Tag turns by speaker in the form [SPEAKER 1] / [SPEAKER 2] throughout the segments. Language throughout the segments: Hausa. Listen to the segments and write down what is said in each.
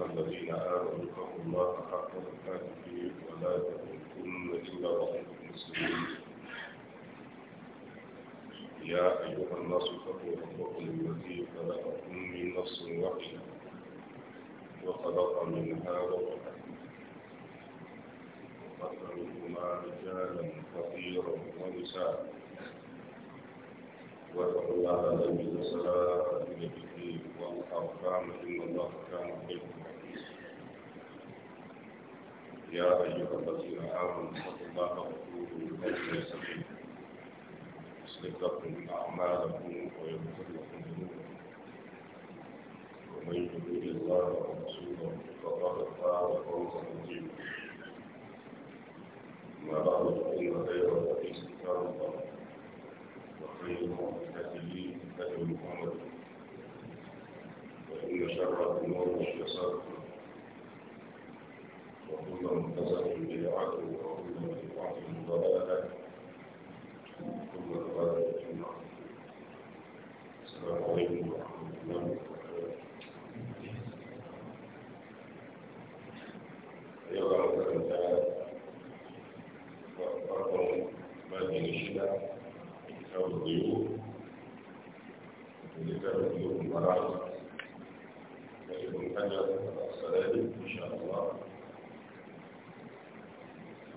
[SPEAKER 1] الذين آمنوا اتقوا الله حق تقاته ولا تموتن إلا وأنتم مسلمون يا أيها الناس اتقوا ربكم الذي خلقكم من نفس واحدة وخلق منها ربها وخلق منهما رجالا كثيرا ونساء واتقوا الله الذي تساءلون به والأرحام إن الله كان عليكم يا أيها الذين آمنوا اتقوا الله وقولوا قولا سديدا يصلح لكم أعمالكم ويغفر لكم ذنوبكم ومن يطع الله ورسوله فقد فاز فوزا عظيما ما بعد فإن خير الحديث كتاب الله وخير الهدي هدي محمد وإن شر الأمور محدثاتها وكل مكتسب بدعة وكل بدعة ضلالة وكل ضلالة في النار السلام عليكم ورحمة الله وبركاته أيها الأخوة وأخبركم بهذه الشدة كتاب الضيوف وكتاب الضيوف المراحل لابن حجر الصلالي إن شاء الله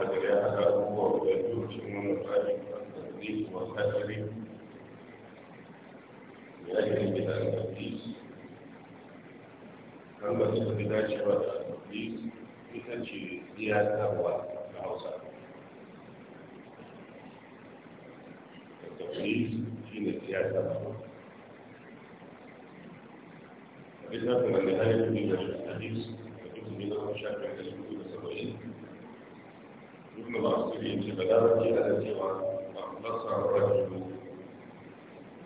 [SPEAKER 1] alfajir ya haɗa abubuwa guda biyu cikin wannan tsari al-tadlis wa al-hajri ya yi ne da al-tadlis kan ba su fi dacewa da al-tadlis ita ce iyakarwa na hausa al-tadlis shi ne iyakarwa littafin da ya yi ne da al-tadlis da duk da ya shafi da ibn mas'ud yace ba larabci ana cewa masa rajulu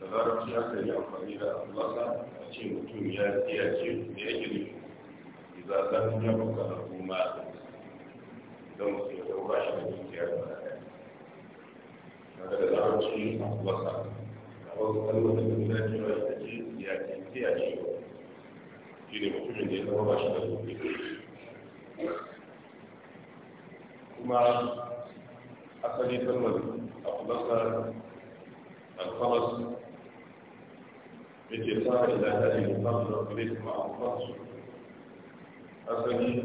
[SPEAKER 1] da larabci aka yi amfani da masa a ce mutum ya tsaya ce da ya gini iza zan ya buka don mutum ya dauka shi da da da larabci masa a wasu kalmomin da ya ce ya ce ya ce shi ne mutumin ya zama ba shi da kuma asali kalmar a akulasa alfaras yake tsara ila hali musamman da kare kuma alfaras asali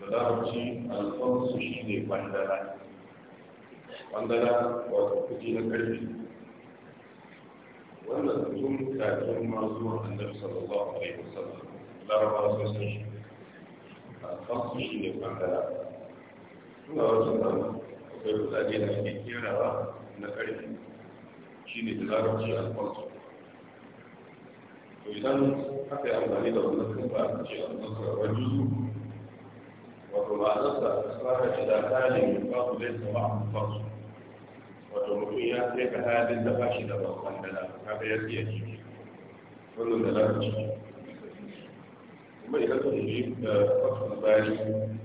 [SPEAKER 1] da larabci alfaras shi ne bandara bandara wata kuji na karfi wannan tun kafin ma zuwa annabi sallallahu alaihi wasallam larabawa sun shi alfaras shi ne bandara ga wasu zama akwai kuzaje da ake kerawa na karfi shi ne da larabci a kwanso to idan aka yi amfani da wannan kuma a ce a kwanso a wani wato ma'anarsa tsara shi da tsarin babu zai zama a wato mutum ya kai ka halin da ba shi da bakon da na kaga ya siya wannan da larabci kuma idan ka yi da eh, kwanso bari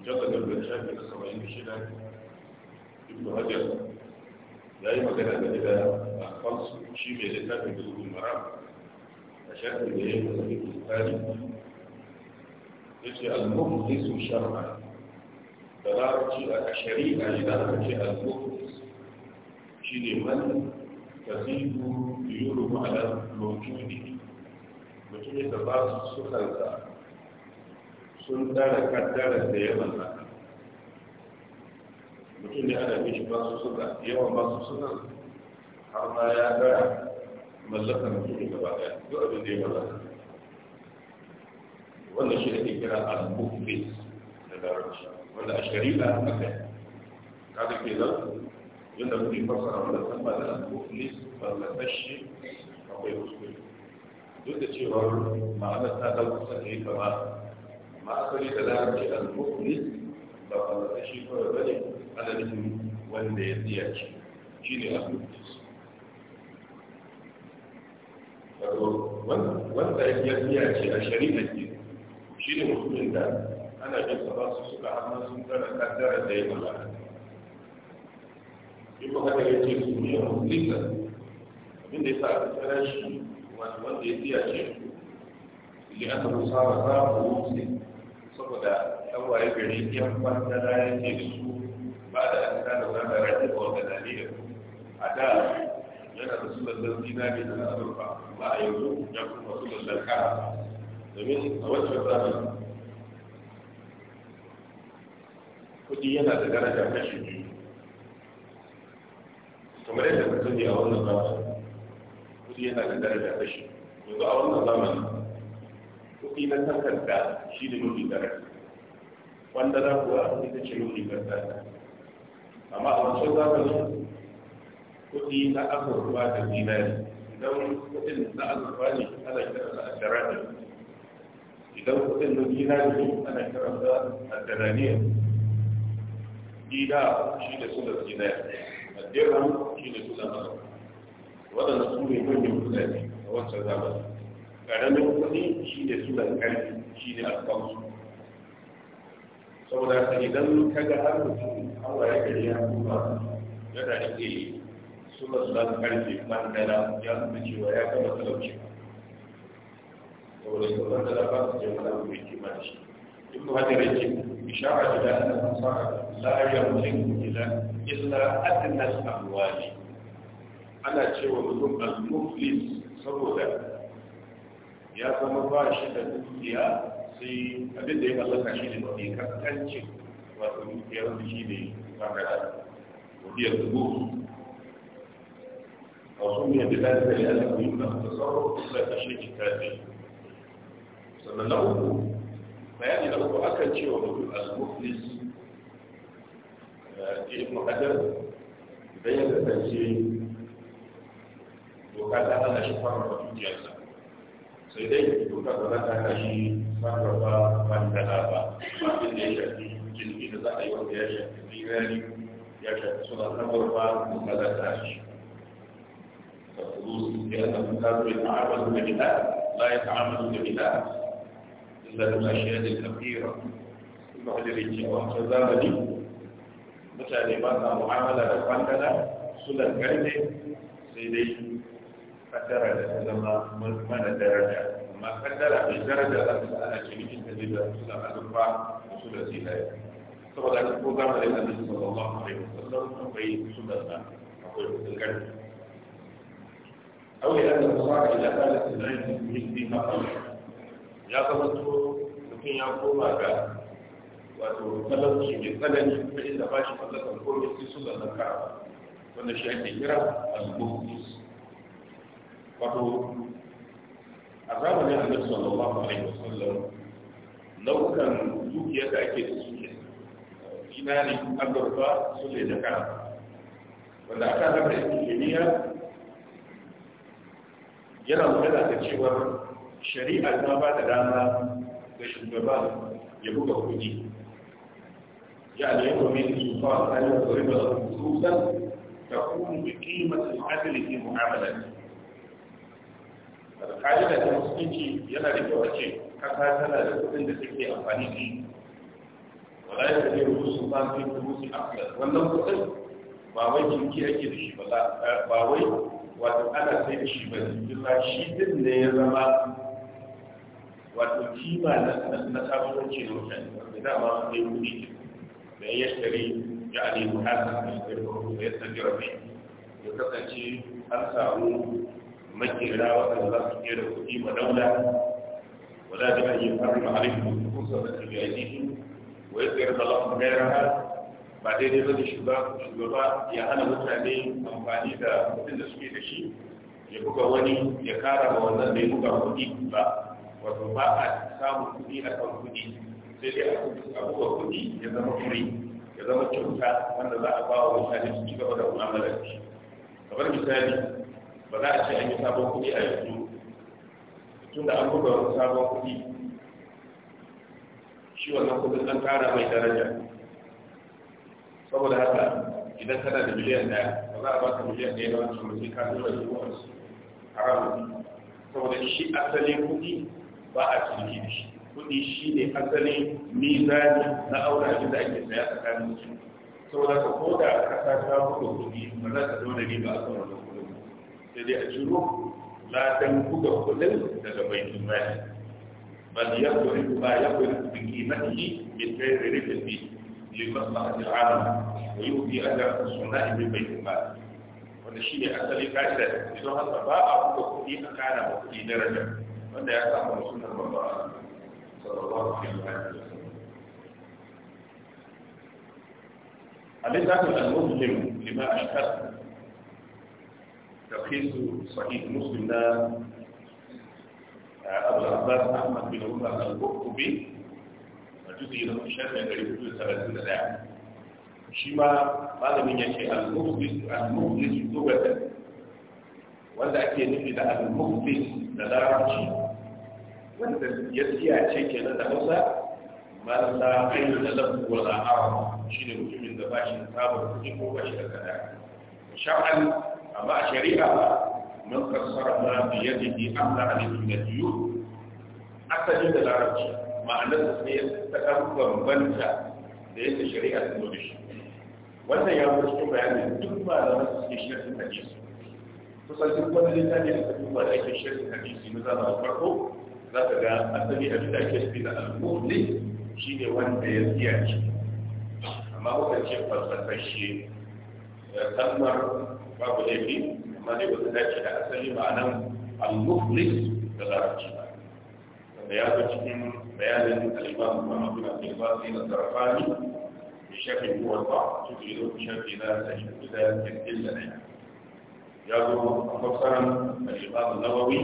[SPEAKER 1] mujallar gargar shafi na saba'in da shida ibn hajar ya yi magana da alfansu shi mai littafin bulugul maram a shafin da ya yi masa ibn tsari ya ce al-mukhlisu shar'a da larabci a shari'a idan aka ce al-mukhlis shi ne man tasiru yuru ma'ala mawjudi mutum ya ba su sukansa sun tsara kaddarar da yawan zaka mutum ne ana mishi masu suna yawan masu suna har ma ya gara mallaka mutum gaba daya duk abin da ya mallaka wannan shi ake kira al-muflis da larabci wanda a shari'a aka kai kaga kenan yadda muke fassara wannan kalma da al-muflis mallakashi akwai kuskure duk da cewa ma'anar ta ɗauka sa ne kama ما أصلي كلامي المفلس فقال شيء فبني أنا منه wanda ya tsiya shi shi ne abinci wanda ya tsiya shi a shari'a ke shi ne mutumin da ana jin saba su suka hannun sun tsara kaddara da ya mala shi ko haka ya ce su ne musulisa abin da ya sa a tsara shi wanda ya tsiya shi ya aka musara za a musulisa saboda tsawaye gari ya kwanta da ya ce su ba da an kada wani da rage ba da dalilin a da yana da su lallar ne da azurfa ba a yanzu ya kuma su lallar kara domin a wancan tsarin kudi yana da daraja kashi biyu kamar yadda ka sani a wannan zamani kudi yana da daraja kashi yanzu a wannan zamani kuɗi na takarda shi ne mafi daraja wanda na kuwa ita ce mafi daraja amma a wancan zamanin kuɗi na azurfa da dinari idan kuɗin na azurfa ne ana kira a jarani idan kuɗin na dinari ne ana kiransa a jaraniya dida shi da sunan dinari a shi da sunan azurfa waɗanda su ne manyan kuɗaɗe a wancan zamanin Ƙaramin kuɗi shi ne sunan ƙarfi shi ne alfawsu saboda ta idan ka ga har mutum hawa ya gari ya kuma yana rike sunan sunan ƙarfi mandala ya nuna cewa ya gama talauci saboda ka mandala ba su jama da mai kima da shi duk da hajjar yake da da ana fasara la yamliku ila illa adnas amwali ana cewa mutum al-muflis saboda ya zama ba shi da dukiya sai abin da ya mallaka shi ne mafi kaskancin wato dukiyar da shi ne makara dukiyar dubu a wasu ne da ta zai yana kuma da sauran kusa da shi kita ne sannan na uku bayani na uku akan cewa mutum al-muflis ibn hajar idan ya kasance doka ta hana shi fara dukiyarsa sai dai duka ba za ta kashi sarrafa man da ba abin da ya shafi jirgi da za a yi wanda ya shafi zirari ya shafi suna sarrafa duka za ta shi فالفلوس لأنهم كانوا يتعاملون بها لا يتعاملون بها إلا بالأشياء الكبيرة المعجر الجواب كذلك mutane ba sa mu'amala da kwandala suna karfe sai dai kasara da ta zama mana daraja ما قدر في درجة أن الجميع الذين يسلم على الرفع وسلسي لا يكون فقد أنه قدر للنبي صلى الله عليه وسلم في سلسة أقول تلك أو أن الرفع إذا كانت العلم مثلي ما قلت يا قبلت لكي يقوم بك وتطلب شيء من قدر فإن فاشي فلت القول في سلسة الكعبة ونشأت إجراء المهندس وتطلب ne a zamanin annabi sallallahu alaihi wasallam nau'ukan dukiyar da ake da su dinari azurfa su ne da kan wanda aka haɗa kimiyya
[SPEAKER 2] yana magana da
[SPEAKER 1] cewar shari'a ta ba da dama ga shugaba ya buga kuɗi
[SPEAKER 2] ya ne ya min su fa a tsarin da riba da
[SPEAKER 1] kusan ta kuma da kimatin adalci mu'amalar daga da ta musulunci yana da kyau a ce kasa tana da kuɗin da take amfani da shi wala ya tafi su ba su yi rubutu akila wannan kuɗin ba wai jinki ake da shi ba wai wato ana sai da shi ba ne shi din ne ya zama wato kima na kasuwanci na mutane da dama sai kuɗi da ya shari ya ne muhammadu da ya tafi rafi ya kasance an samu makera waɗanda za su da kuɗi ma daula wala da an yi harin alaikum kusa da su yi wa yasir da lafi gairaha ba daidai ba da shugaba ya hana mutane amfani da kuɗin da suke da shi ya buga wani ya kara wa wannan da ya buga kuɗi ba wato ba a samun kuɗi a kan kuɗi sai dai a buga kuɗi ya zama free ya zama kyauta wanda za a ba wa mutane su ci gaba da mu'amalar shi kamar misali ba za a ce an yi sabon kuɗi a yanzu tun da an buga wani sabon kuɗi shi wannan kuɗin an ƙara mai daraja saboda haka idan kana da miliyan ɗaya ba za a ba ka miliyan ɗaya ba su mutum ka zuwa yi wa wasu haramu saboda shi asalin kuɗi ba a ciniki da shi kuɗi shi ne asalin mizani na aure abin da ake saya tsakanin su saboda ka ko da ka sa ta kuɗi ba za ka zo da riba a kan wani sai dai a ciro ladan buga kuɗin daga bai mali bal yaqulu ma yaqulu bi qimatihi min ghairi rifqi li maslahati al-alam wa yu'ti ajra as-sunnah min bayt mal wanda shi ne asali ka'ida idan haka ba a buga kuɗi a kana ba kuɗi daraja wanda ya samu sunan babba sallallahu alaihi wa sallam الإنسان المسلم لما أشكر تلخيص صحيح مسلم ده آه، أبو العباس أحمد بن عمر القرطبي جزء من الشافعي قريب من 30 ساعه شيما قال من يشي المخلص المخلص لغة ولا أكيد نفي المخلص لدرجة wanda ya siya ce kenan da hausa marasa ainihin da lafi wa la'awa shi ne mutumin da ba shi da sabon kuɗi ko ba shi da kada amma a shari'a mun fassara ma bi yadihi amma alayhi min al-yud ji da larabci ma'anar ne ta kan banta da yadda shari'a ta nuna shi wannan ya fi cikin bayanin duk ba da suke shirin hadisi kusan duk wani littafi da kafin ba da ake shirin hadisi na zamanin farko za ka ga asali a da ake shirin da al Shi ne wanda ya tsiyace amma kuka ce falsafashe kalmar babu laifi amma dai wata dace da asali ma'anan al-muflis da larabci ba wanda ya zo cikin bayanin al-imam Muhammad bin Abdul Qasim al-Zarqani bi shafi muwatta cikin yau shafi na sahihin da cikin dalilai ya zo a fassaran al-imam an-Nawawi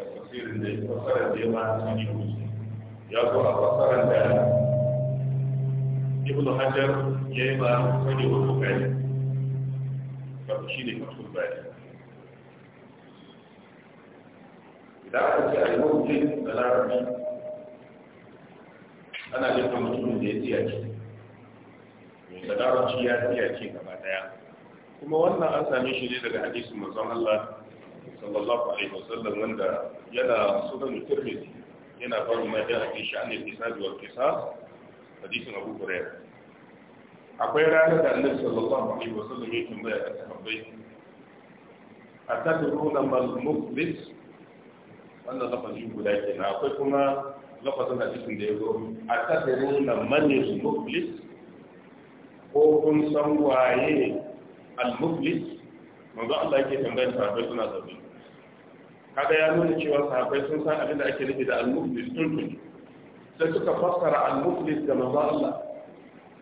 [SPEAKER 1] a tafsirin da ya fassara da yawa sahihin muslim ya zo a fassaran da ibnu Hajar ya yi ba sahihin bukhari wato shi ne masu bari idan aka ce a yi mawuce da larabci ana jefa mutumin da ya tsiyace mai da larabci ya tsiyace gaba daya kuma wannan an sami shi ne daga hadisin manzon Allah sallallahu alaihi wasallam wanda yana sunan tirmidhi yana barin ma da hadisi an al-hisab wal qisas hadisin Abu Hurairah akwai ranar da annabi sallallahu alaihi sallam ya tambaya ga sahabbai atadruna mal muflis wannan lafazin guda Na akwai kuma lafazin da cikin da ya zo atadruna man muflis ko kun san waye al muflis manzo Allah yake tambayar sahabbai suna zabi kaga ya nuna cewa sahabbai sun san abin da ake nufi da al muflis din sai suka fassara al da manzo Allah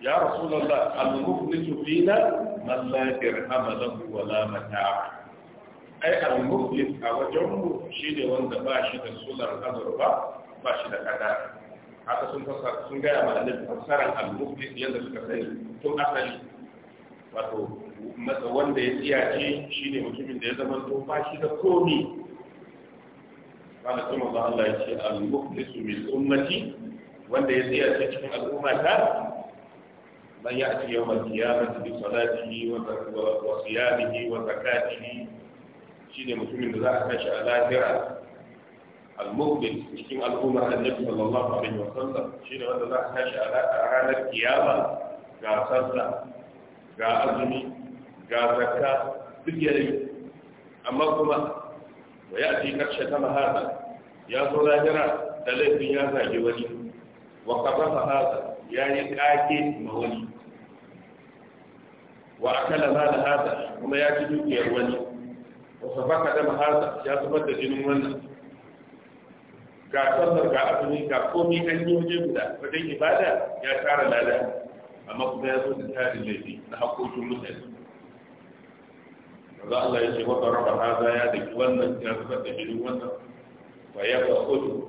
[SPEAKER 1] ya rasulullah al-muflisu fina man la dirhama ai al a wajen shine wanda ba shi da sular azurba ba shi da kada haka sun fasara sun ga ma annabi suka sani tun asali wato wanda ya tsiyace shine mutumin da ya zama ba shi da komi kana kuma Allah ya ce al-muflisu wanda ya tsiyace cikin al'ummata من يأتي يوم القيامة بصلاته وصيامه وزكاته شين مسلم لا أكش على ذرة المقبل شين الأمة النبي صلى الله عليه وسلم شين ولا لا أكش على أعلى القيامة قال صلى قال أزمي قال زكاة تجري أما كما ويأتي كرشة كما هذا يا صلاة ذرة دليل يا زاجي وجه وقبض هذا ya yi ƙage ma wani وأكل مال هذا وما يجد في الوني وصفك دم هذا يصفت جنون منه كأسر كأبني أن أنجو جمدا فدي إبادة يشعر لا لا أما كما هذا الهاد الذي نحقو جمدا فذا الله يجي وضرب هذا يدك ونن يصفت جنون منه ويبقى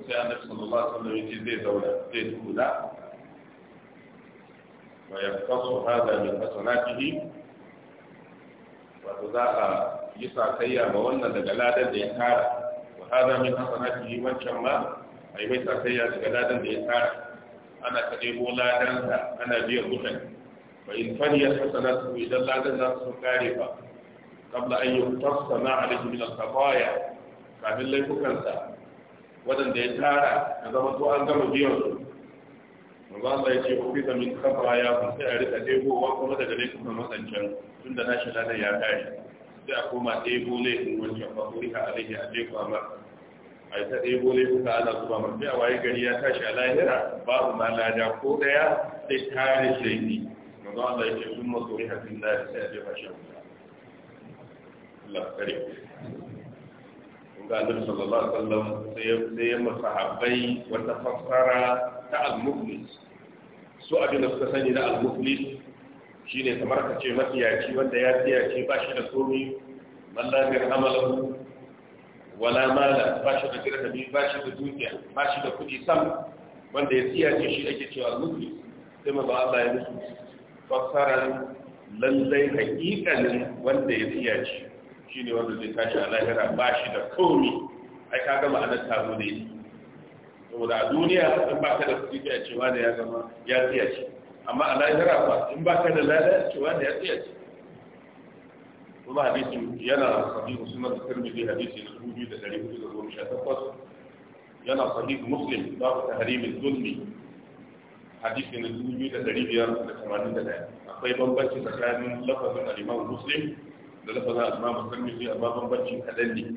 [SPEAKER 1] سيدنا صلى الله عليه وسلم يجي ذي دولة ذي دولة ويقتص هذا من حسناته wato za a yi sakayya ga wannan daga ladan da ya tara wa hada min hasanatihi wancan ma ai mai sakayya daga ladan da ya tara ana ta ɗebo ladan ka ana biyan mutane fa in faniyat hasanatu idan ladan za su kare kabla qabla an yuqtasa na alayhi min al-qadaya kafin laifukansa wadanda ya tara da zama to an gama biyan su manzo Allah ya ce ku fita min kafa ya kun sai a rika debowa kuma daga laifin kuma masancan tun da nashi ladan ya kare sai a koma debo laifin wancan fa kuri ka alaihi a debo amma a yi ta debo laifin ka ana zuba mai sai a waye gari ya tashi a lahira babu ma lada ko daya sai tare shi ne manzo Allah ya ce sun maso riha fin da sai a jefa shi Allah kare ga annabi sallallahu alaihi wasallam sai ya masahabai wata fassara ta al-muflis su abin da suka sani na al-muflis shine kamar ka ce mafiyaci wanda ya ce. ba shi da komi malla dirhamalahu wala mala ba shi da dirhami ba shi da dukiya ba shi da kuɗi sam wanda ya ce shi ake cewa al-muflis sai ma ba Allah ya musu Fasara, lallai haƙiƙanin wanda ya fiyace shine wanda zai tashi a lahira ba shi da komi ai ka gama anan taro ne saboda a duniya in ba ka da kuɗi ta a cewa da ya zama ya tsaya ce amma a lahira ba in ba ka da lada cewa da ya tsaya ce kuma hadisi yana sahihu sunan tirmidhi hadisi na takwas yana sabi muslim babu tahrimin zulmi hadisi na ɗaya. akwai bambanci tsakanin lafazin al muslim da lafazin al-imam tirmidhi amma bambancin kadan ne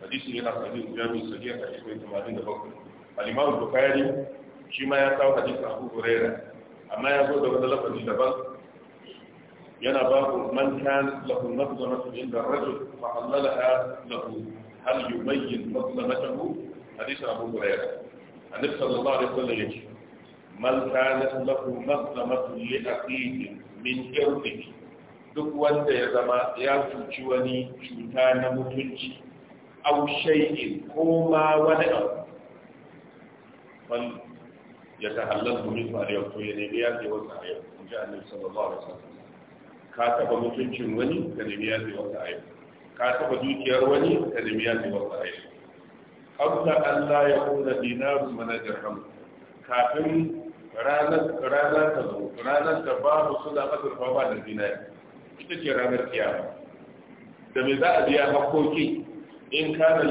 [SPEAKER 1] hadisi yana sahihu jami'in sahih hadisi bakwai al-imam bukhari shi ma ya kawo hadisin abu huraira amma ya zo da wani lafazi daban yana babu man kan lahu nazlamatu inda rajul fa allalaha lahu hal yumayyin nazlamatahu hadisin abu huraira annabi sallallahu alaihi wasallam yace man kan lahu nazlamatu li aqihi min irdihi duk wanda ya zama ya cuci wani cuta na mutunci au shay'in ko ma wani abu fal ya tahallahu min fa'ariya ko ya nemi yafe wata a yau in ji annabi sallallahu alaihi wasallam ka taba mutuncin wani ka nemi yafe wata a ka taba dukiyar wani ka nemi yafe wata a yau qabla an la yakuna dinarun mana dirham kafin ranar da babu suna ranar da me za a biya hakkoki in kana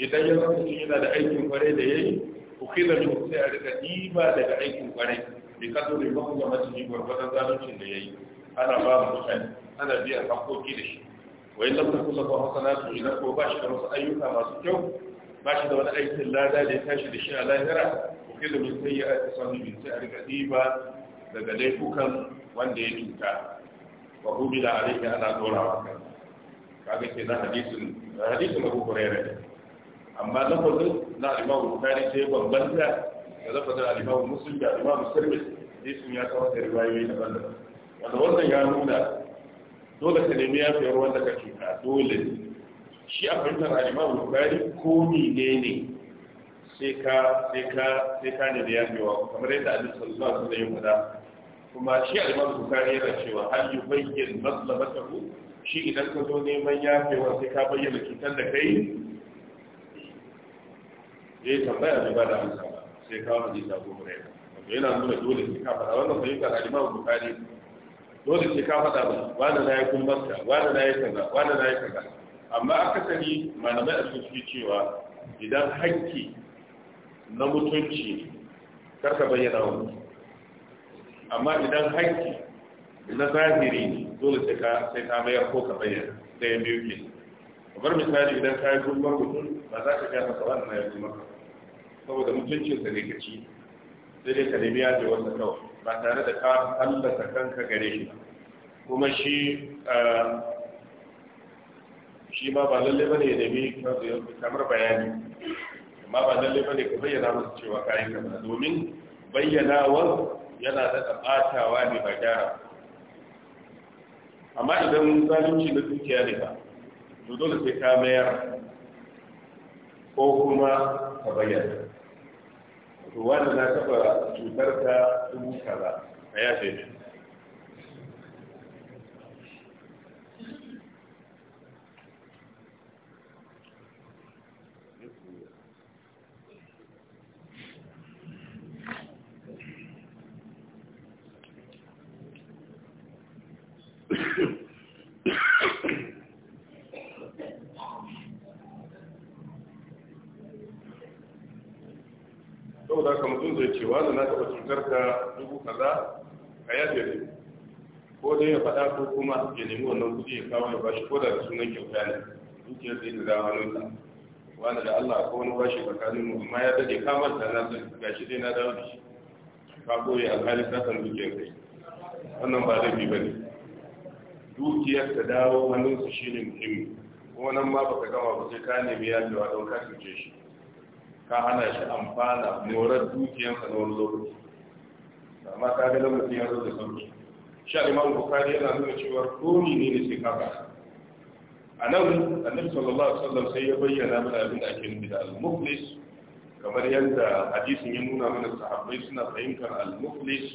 [SPEAKER 1] idan ya zama shi yana da aikin kware da yayi ukila ne sai a rika diba daga aikin kware, kwarai bi ne ba kuma mace gwargwadon zaluncin da ya yi. ana ba mu mutane ana biyan hakoki da shi wai na kusa lam takun lahu hasanatu idan ko ba shi da wasu ayyuka masu kyau ba shi da wani aikin lada da ya tashi da shi a lahira ukila ne sai ya aika sanu sai a rika diba daga laifukan wanda ya cuta wa hubila alayhi ana dorawa kai kaga kenan hadisin hadisin Abu Hurairah amma lafazin na alimawu bukari yi bambanta da lafazin alimawu musulun da alimawu sirbis ne sun ya kawo da riwayoyi na banda wanda wannan ya nuna dole ka nemi yafiyar wanda ka cuta dole shi a fahimtar alimawu bukari ko ne ne sai ka sai ka, ne da yafewa kamar yadda alif sallallahu alaihi wasallam ya faɗa kuma shi alimawu bukari yana cewa hal yubayyin maslahatahu shi idan ka zo neman yafewa sai ka bayyana cutar da kai ya eh, yi tambaya bai ba da amsa ba sai kawo hadisi goma huraira wato yana nuna dole sai ka faɗa wannan fahimtar al-imam bukhari dole sai ka faɗa ba wani na ya kumbarta wani na ya kaza wani na ya kaza amma akasari malamai a sun cewa idan hakki na mutunci kar ka bayyana wa amma idan hakki na zahiri ne dole sai ka mayar ko ka bayyana ɗaya biyu ke kamar misali idan ka yi gurbin mutum ba za ka gasa sa wannan ya gulmar saboda mutuncinsa ne kaci ci sai dai ka nemi yaje wasa kawai ba tare da ka fallasa kanka gare shi ba kuma shi shi ma ba lalle bane ya nemi kamar bayani amma ba lalle bane ka bayyana musu cewa kayan ka ba domin bayyanawar yana da tsabatawa ne ba gyara amma idan zalunci na dukiya ne ba to dole sai ka mayar ko kuma ka bayyana to wanda na taba cutar ta dubu kaza a yafe cewa da na taɓa cutar ka dubu kaza a yadda ne ko dai ya faɗa ko kuma ya nemi wannan kuɗi ya kawo ya bashi ko da sunan kyauta ne dukiyar da ya da hannunsa wani da Allah ko wani bashi tsakanin mu amma ya dade kamar da na ga shi dai na dawo da shi ka koyi alhali ka san dukiyar kai wannan ba zai fi ba ne dukiyar ta dawo shi ne muhimmi ko nan ma baka gama ba sai ka nemi yafewa don ka cuce shi ka hana shi amfana morar dukiyarsa na wani lokaci amma ta ga lokacin ya zo da sauki Shi imam bukari yana nuna cewa komi ne ne sai ka ba a nan annabi sallallahu alaihi wasallam sai ya bayyana mana abin da ake nufi da al-muflis kamar yadda hadisin ya nuna mana sahabbai suna fahimtar al-muflis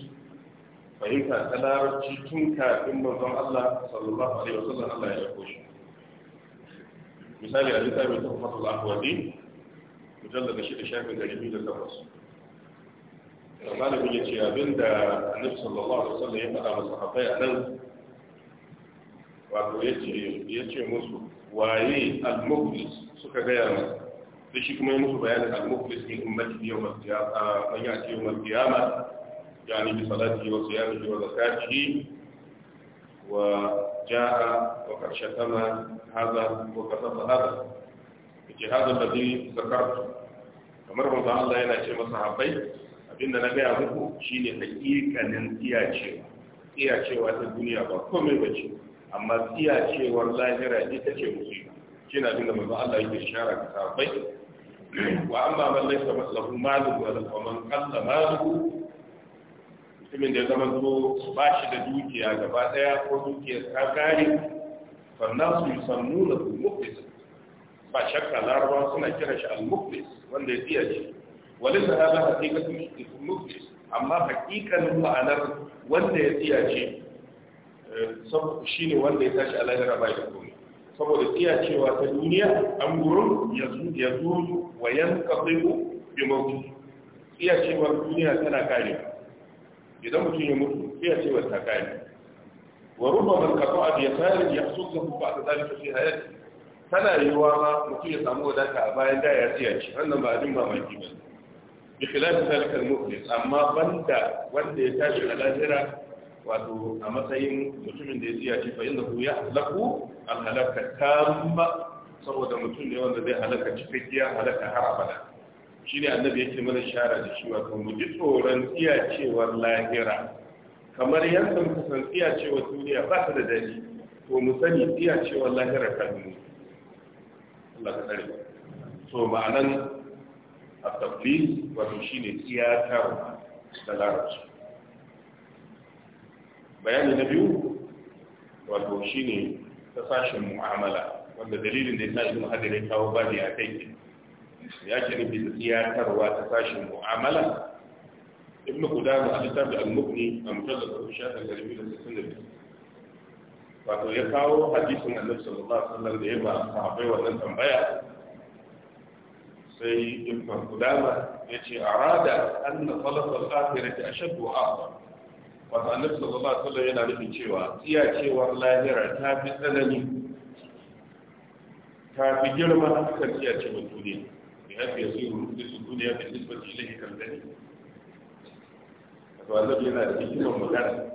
[SPEAKER 1] fahimta ta larabci tun kafin manzon Allah sallallahu alaihi wasallam Allah ya yako shi misali a littafin tafsirul ahwadi mujallada shida shafin ɗari biyu da takwas
[SPEAKER 2] malamin ya ce abin da annabi
[SPEAKER 1] sallallahu alaihi wasallam ya faɗa masa haɓai a nan wato ya ce musu waye al-mukhlis suka gaya masa da shi kuma ya musu bayanin al-mukhlis min ummati yawm al-qiyamah man ya'ti yawm al-qiyamah yani bi salatihi wa siyamihi wa zakatihi wa jaa wa qad shatama hadha wa qad hada yace hada ladhi zakartu kamar manzo Allah yana ce masa habbai abinda na gaya muku shine hakikanin tsiyacewa tsiyacewa ta duniya ba komai bace amma tsiyacewar lahira ita ce musiba shine abinda manzo Allah yake shara ga habbai wa amma man laysa lahu malu wa man qalla malu mutumin da ya zama so ba shi da dukiya gaba daya ko dukiyar ta kare sannan su yi sannu ba shakka larabawa suna kiran shi al-muflis wanda ya tsiya ce walin da hada hakikatun muflis amma hakikanin ma'anar wanda ya tsiya ce eh, shi ne wanda ya tashi alayyar ba da komai saboda tsiya cewa ta duniya an gurin ya zuru wa yan kafiru bi mawuti tsiya cewa duniya tana kare idan mutum ya mutu tsiya cewa ta kare wa rubba man kafa a biya tsarin ya so zafi ba a tsarin ta fi hayati tana yiwuwa ma mutum ya samu wadata a bayan da ya tsiya shi wannan ba abin mamaki ba bi khilafi zalikal mukhlis amma banda wanda ya tashi a lahira wato a matsayin mutumin da ya tsiya shi fa inda ku ya halaku al halaka tamma saboda mutum ne wanda zai halaka cikakkiya halaka har abada shine annabi yake mana shara da shi wato mu ji tsoron cewar lahira kamar yadda muka san cewar duniya ba ta da dadi, to mu sani cewar lahira kan mu Allah ka tsare so ma'anan a tafi wato shine tiyatar da larabci bayani na biyu wato shine ta sashen mu'amala wanda dalilin da ya sashen ibn hajar ya kawo bani a kai ya ce nufi da tiyatarwa ta sashen mu'amala ibn qudama a da al mukni a mujallad 12 da biyu. wato ya kawo hadisin annabi sallallahu alaihi wasallam da ya ba sahabbai wannan tambaya sai ibn qudama yace arada anna talab al-akhirati ashaddu wa a'zam wato annabi sallallahu alaihi wasallam yana nufin cewa tsiyacewar lahira ta fi tsanani ta fi girma akan tsiyacewar duniya bi hafi yasiru nufisu duniya bi nisbati ilayhi kan dani wato annabi yana da hikimar magana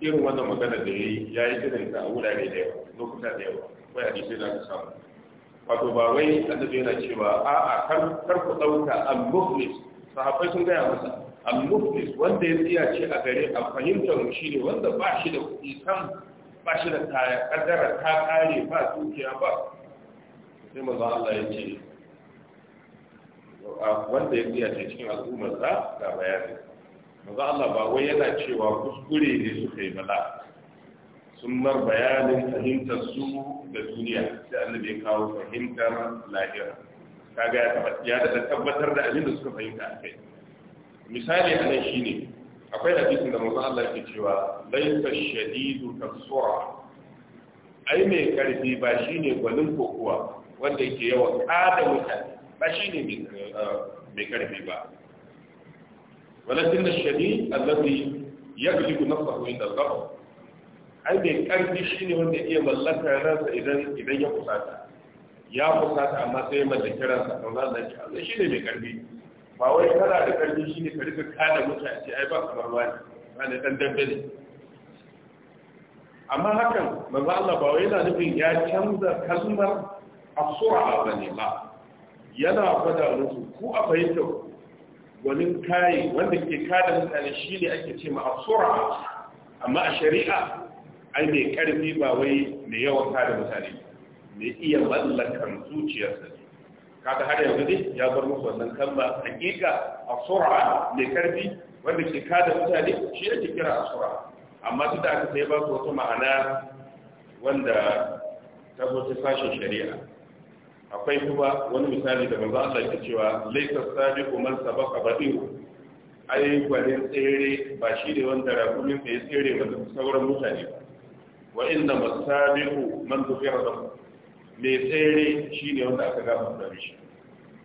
[SPEAKER 1] irin wannan magana da ya yi ya yi irin ta a wurare da yawa lokuta da yawa wai hadisai za ka samu wato ba wai annabi yana cewa a'a kar kar ku dauka al-muflis sahabbai sun gaya masa al-muflis wanda ya tsaya ce a gare a fahimtar shi ne wanda ba shi da kuɗi kan ba shi da kaya kaddara ta kare ba dukiya ba sai manzo Allah ya ce wanda ya tsaya ce cikin al'ummar sa ga bayani maza Allah ba wai yana cewa kuskure ne suka yi bala sun bar bayanin fahimtar su da duniya sai annabi ya kawo fahimtar lahira kaga ya da tabbatar da abin da suka fahimta a kai misali a nan shine akwai hadisin da manzon Allah yake cewa laysa shadidu kasura ai mai karfi ba shine gwanin kokuwa wanda yake yawa kada mutane ba shine mai karfi eh, ba walakin da a allazi ya gudu nafsahu inda al-ghadab ai bai karfi shine wanda iya mallaka ransa idan idan ya kusata ya kusata amma sai ya mallaki ransa kan zan da Allah shine mai karfi ba wai kana da karfi shine ka rika kada mutane ai ba kamar wani wani dan dambe ne amma hakan manzo Allah ba yana nufin ya canza kalmar asura ba yana fada musu ku a fahimta gwanin kayi wanda ke kada mutane shi ne ake ce ma asura amma a shari'a ai mai karfi ba wai mai yawan kada mutane mai iya mallakan zuciyarsa ne kaga har yanzu ne ya bar musu wannan kalma hakika asura mai karfi wanda ke kada mutane shi yake kira asura amma su da aka sai ba su wata ma'ana wanda ta zo ta sashen shari'a akwai kuma wani misali da manzo Allah yake cewa laysa sabiqu man sabaqa badiu ai gwanin tsere ba shi ne wanda rakumin da ya tsere ba sauran mutane wa inna masabiqu man dhukira da Me tsere shi ne wanda aka gama da shi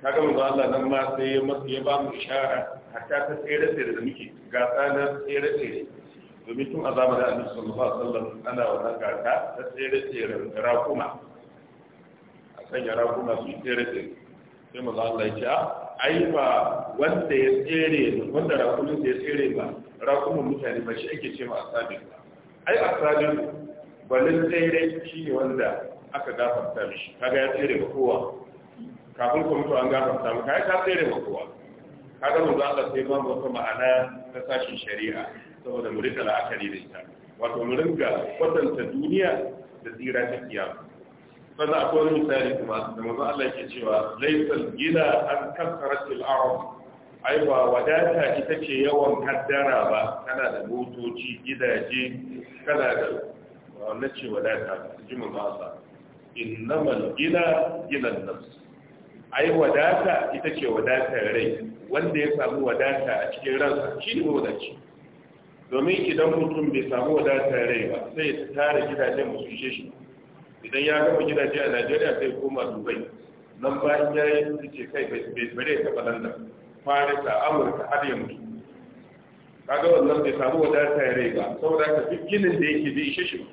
[SPEAKER 1] kaga manzo Allah nan ma sai ya masa ya ba mu ishara hatta ta tsere tsere da muke ga tsanar tsere tsere domin tun a da Annabi sallallahu alaihi wasallam ana wannan gata ta tsere tsere rakuma sanya raguna su yi tsere tsere sai zan Allah ya ce ah, ai ba wanda ya tsere wanda rakunin da ya tsere ba rakunan mutane ba shi ake ce ma ba ai asabin balin tsere shi ne wanda aka gafarta mishi kaga ya tsere ba kowa kafin ku mutu an gafarta maka ya ka tsere ba kowa kaga mun Allah sai ba mu wata ma'ana ta sashin shari'a saboda mu rika la'akari da ita wato mu ringa kwatanta duniya da tsira ta kiyama sannan akwai misali kuma da manzo Allah ke cewa laifin gina an kasaratil arab ai ba wadata ita ce yawan kaddara ba kana da motoci gidaje kana da wannan ce wadata ji manzo Allah innamal gina gina nafs ai wadata ita ce wadata rai wanda ya samu wadata a cikin ransa shi ne wadaci domin idan mutum bai samu wadata rai ba sai ya tare gidajen musu shi idan ya gama gidaje a najeriya sai koma dubai nan bayan ya yi ce kai bare ya taɓa london farisa amurka har yanzu. kaga wannan bai samu wadata ya rai ba saboda ka fi ginin da yake zai ishe shi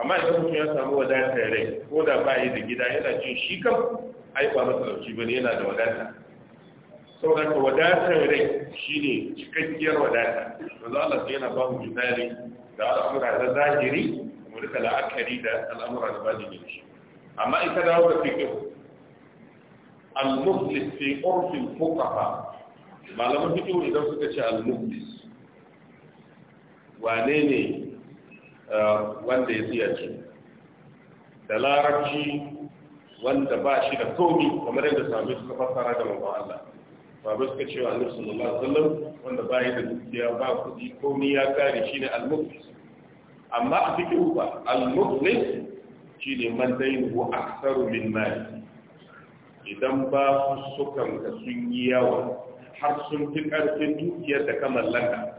[SPEAKER 1] amma idan mutum ya samu wadata ya rai ko da ba yi da gida yana jin shi kam ai ba lauci ba ne yana da wadata saboda ka wadata ya rai shi ne cikakkiyar wadata yanzu Allah sai yana ba mu misali da al'amura na zahiri mu rika la'akari da al'amura da ba da shi amma in ka dawo ga fiqh al-muflis fi urf al-fuqaha malaman fiqh idan suka ce al-muflis wane ne uh, wanda ya tsiyace da larabci wanda ba shi da komi kamar yadda sami suka fassara da mabon Allah babu suka cewa annabi sallallahu alaihi wasallam wanda ba yi da dukiya ba kudi komi ya kare shi ne al-muflis amma a cikin ba al shi ne man dainuhu aktsaru min mali idan ba su sukan ka sun yi yawa har sun fi karfin dukiyar da ka mallaka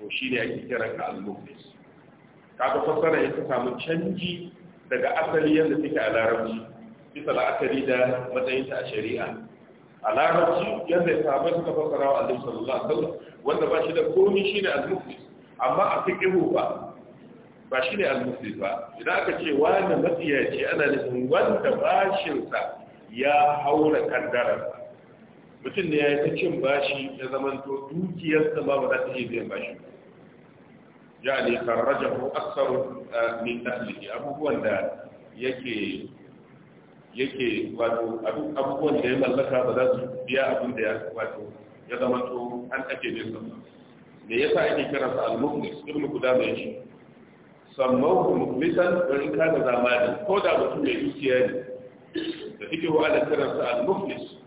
[SPEAKER 1] to shi ne ake kiran ka al-muflis kaga fassara ita samu canji daga asali yadda take a larabci bisa la'akari da matsayinta a shari'a a larabci yadda ya samu suka fassara wa alaihi sallallahu alaihi wanda ba shi da komi shi ne al-muflis amma a fiqhu ba ba shi ne almusif ba idan aka ce matsiya ce ana nufin wanda bashinsa ya haura kaddara mutum ne ya yi ta cin bashi ya zamanto dukiyarsa ba ba za ta iya biyan bashi ya ne karraja ko aksar eh, min tahliki abubuwan da yake yake wato abubuwan da ya mallaka ba za su biya abin da ya wato ya zamanto an ake biyan sa me yasa ake kiransa al-muflis ibnu qudamah yace sammahu muflisan wa in zamani ko da mutum mai dukiya ne da kike wa ala karansa al muflis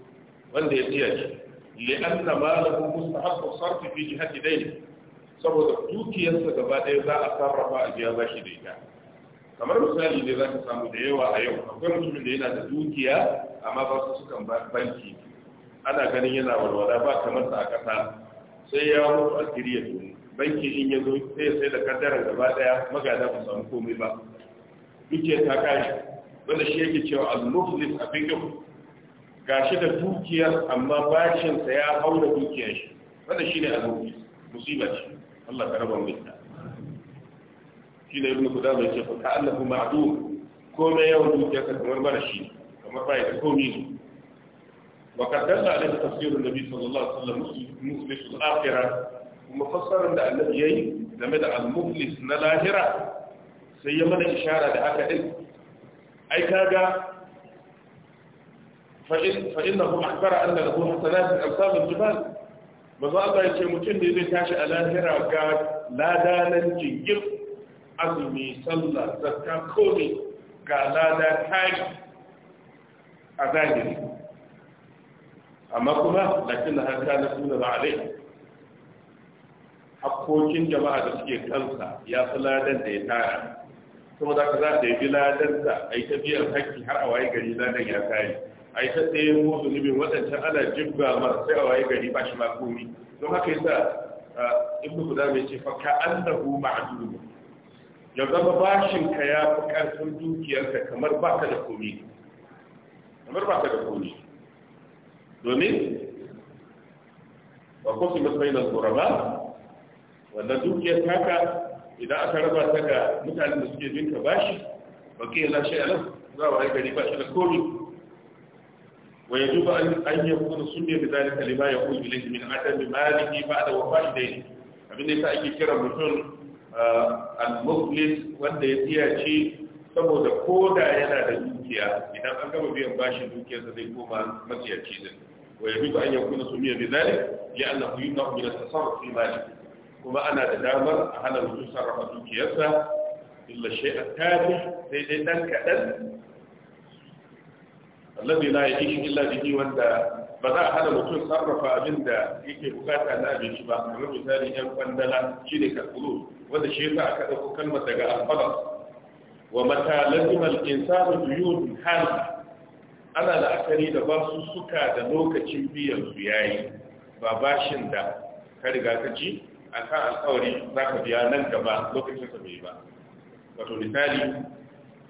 [SPEAKER 1] wanda ya tiya shi li'anna malahu mustahabbu sarf fi jihati dai saboda dukiyarsa gaba ɗaya za a sarrafa a biya bashi da ita kamar misali ne za ka samu da yawa a yau akwai mutumin da yana da dukiya amma ba su sukan banki ana ganin yana walwala ba kamar sa a kasa sai ya mutu a ya tuni banki in ya sai sai da kaddarar gaba daya magada ba samu komai ba dukiya ta kare wanda shi yake cewa al-muflis a fiqh gashi da dukiyar amma bashin sa ya haura dukiyar shi wanda shine al-muflis musiba ce Allah ka raba mu da shi ne ibnu qudama yake fa ka'annahu ma'dum komai yawan dukiyar ka kamar bara shi kamar bai da komai ne وقد دل عليه تفسير النبي صلى الله عليه وسلم مفلس الآخرة kuma fassarar da annabi yayi game da al-muflis na lahira sai ya mana ishara da haka din ai kaga fa in fa innahu akhbara lahu hasanat al-amsal al-jibal maza Allah ya ce mutum ne zai tashi a lahira ga ladanan jingir azumi sallah zakka komai ga lada tari a zahiri amma kuma lakin na na suna ba alai hakkokin jama'a da suke kansa ya fi ladan da ya tara kuma za ka za ta yi ladansa a yi tafiyar haƙƙi har a waye gari ladan ya kare a yi ta tsaye mu zunubin waɗancan ana jibga mara sai a waye gari ba shi ma komi don haka yasa ibnu guda mai ce fa ka annahu ma'dud ya zama bashin ka ya fi karfin dukiyarka kamar baka da komi kamar baka da komi domin wa kusimat bainal qurama wannan dukiyar taka idan aka raba ta ga mutanen da suke bin ka bashi ba ke yana shi alam za a yi gari bashi da komi wa ya duba an yi kuma sun ne da zalika lima ya kuma bilin min adam maliki ba da wafa idai abin da yasa ake kira mutum ah, al-muflis wanda ya ce saboda ko da yana da dukiya idan an gama biyan bashin dukiyarsa zai koma matsiyaci din wa ya duba an yi kuma sun ne da zalika ya annahu yunna min at-tasarruf fi maliki kuma ana da damar a hana mutum sarrafa dukiyarsa illa shi a tafi sai dai ɗan kaɗan allabi na ya ishi illa jiki wanda ba za a hana mutum sarrafa abin da yake bukata na abinci ba kamar misali yan kwandala shi ne kalkulu wanda shi yasa aka ɗauko kalmar daga alfalar wa mata lazimar insanu duyun hali ana la'akari da basu suka da lokacin biyan su yayi ba bashin da ka riga ka ci kan alkawari za ka biya nan gaba lokacin sa bai ba wato misali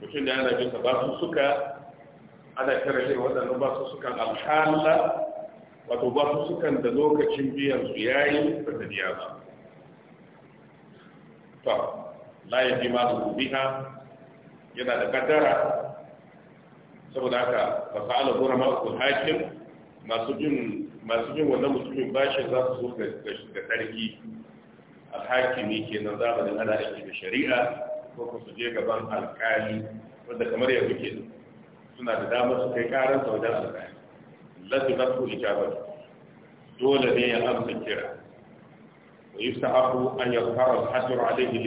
[SPEAKER 1] mutum da yana jinsa ba su suka ana kira shi waɗanda ba su sukan alhala wato ba su sukan da lokacin biyan su yi ba ta biya ba to layin ya bi ma biya yana da kaddara saboda haka ba su ala ma masu hakim masu jin masu jin wannan mutumin bashin za su zo ga sarki alhakimi kenan zamanin ana aiki da shari'a ko ku su je gaban alkali wanda kamar yanzu ke suna da damar su kai karan sa wajen alkali lasu na su ijabar dole ne ya amsa kira wa yi haku an yi fara hajjar alaihi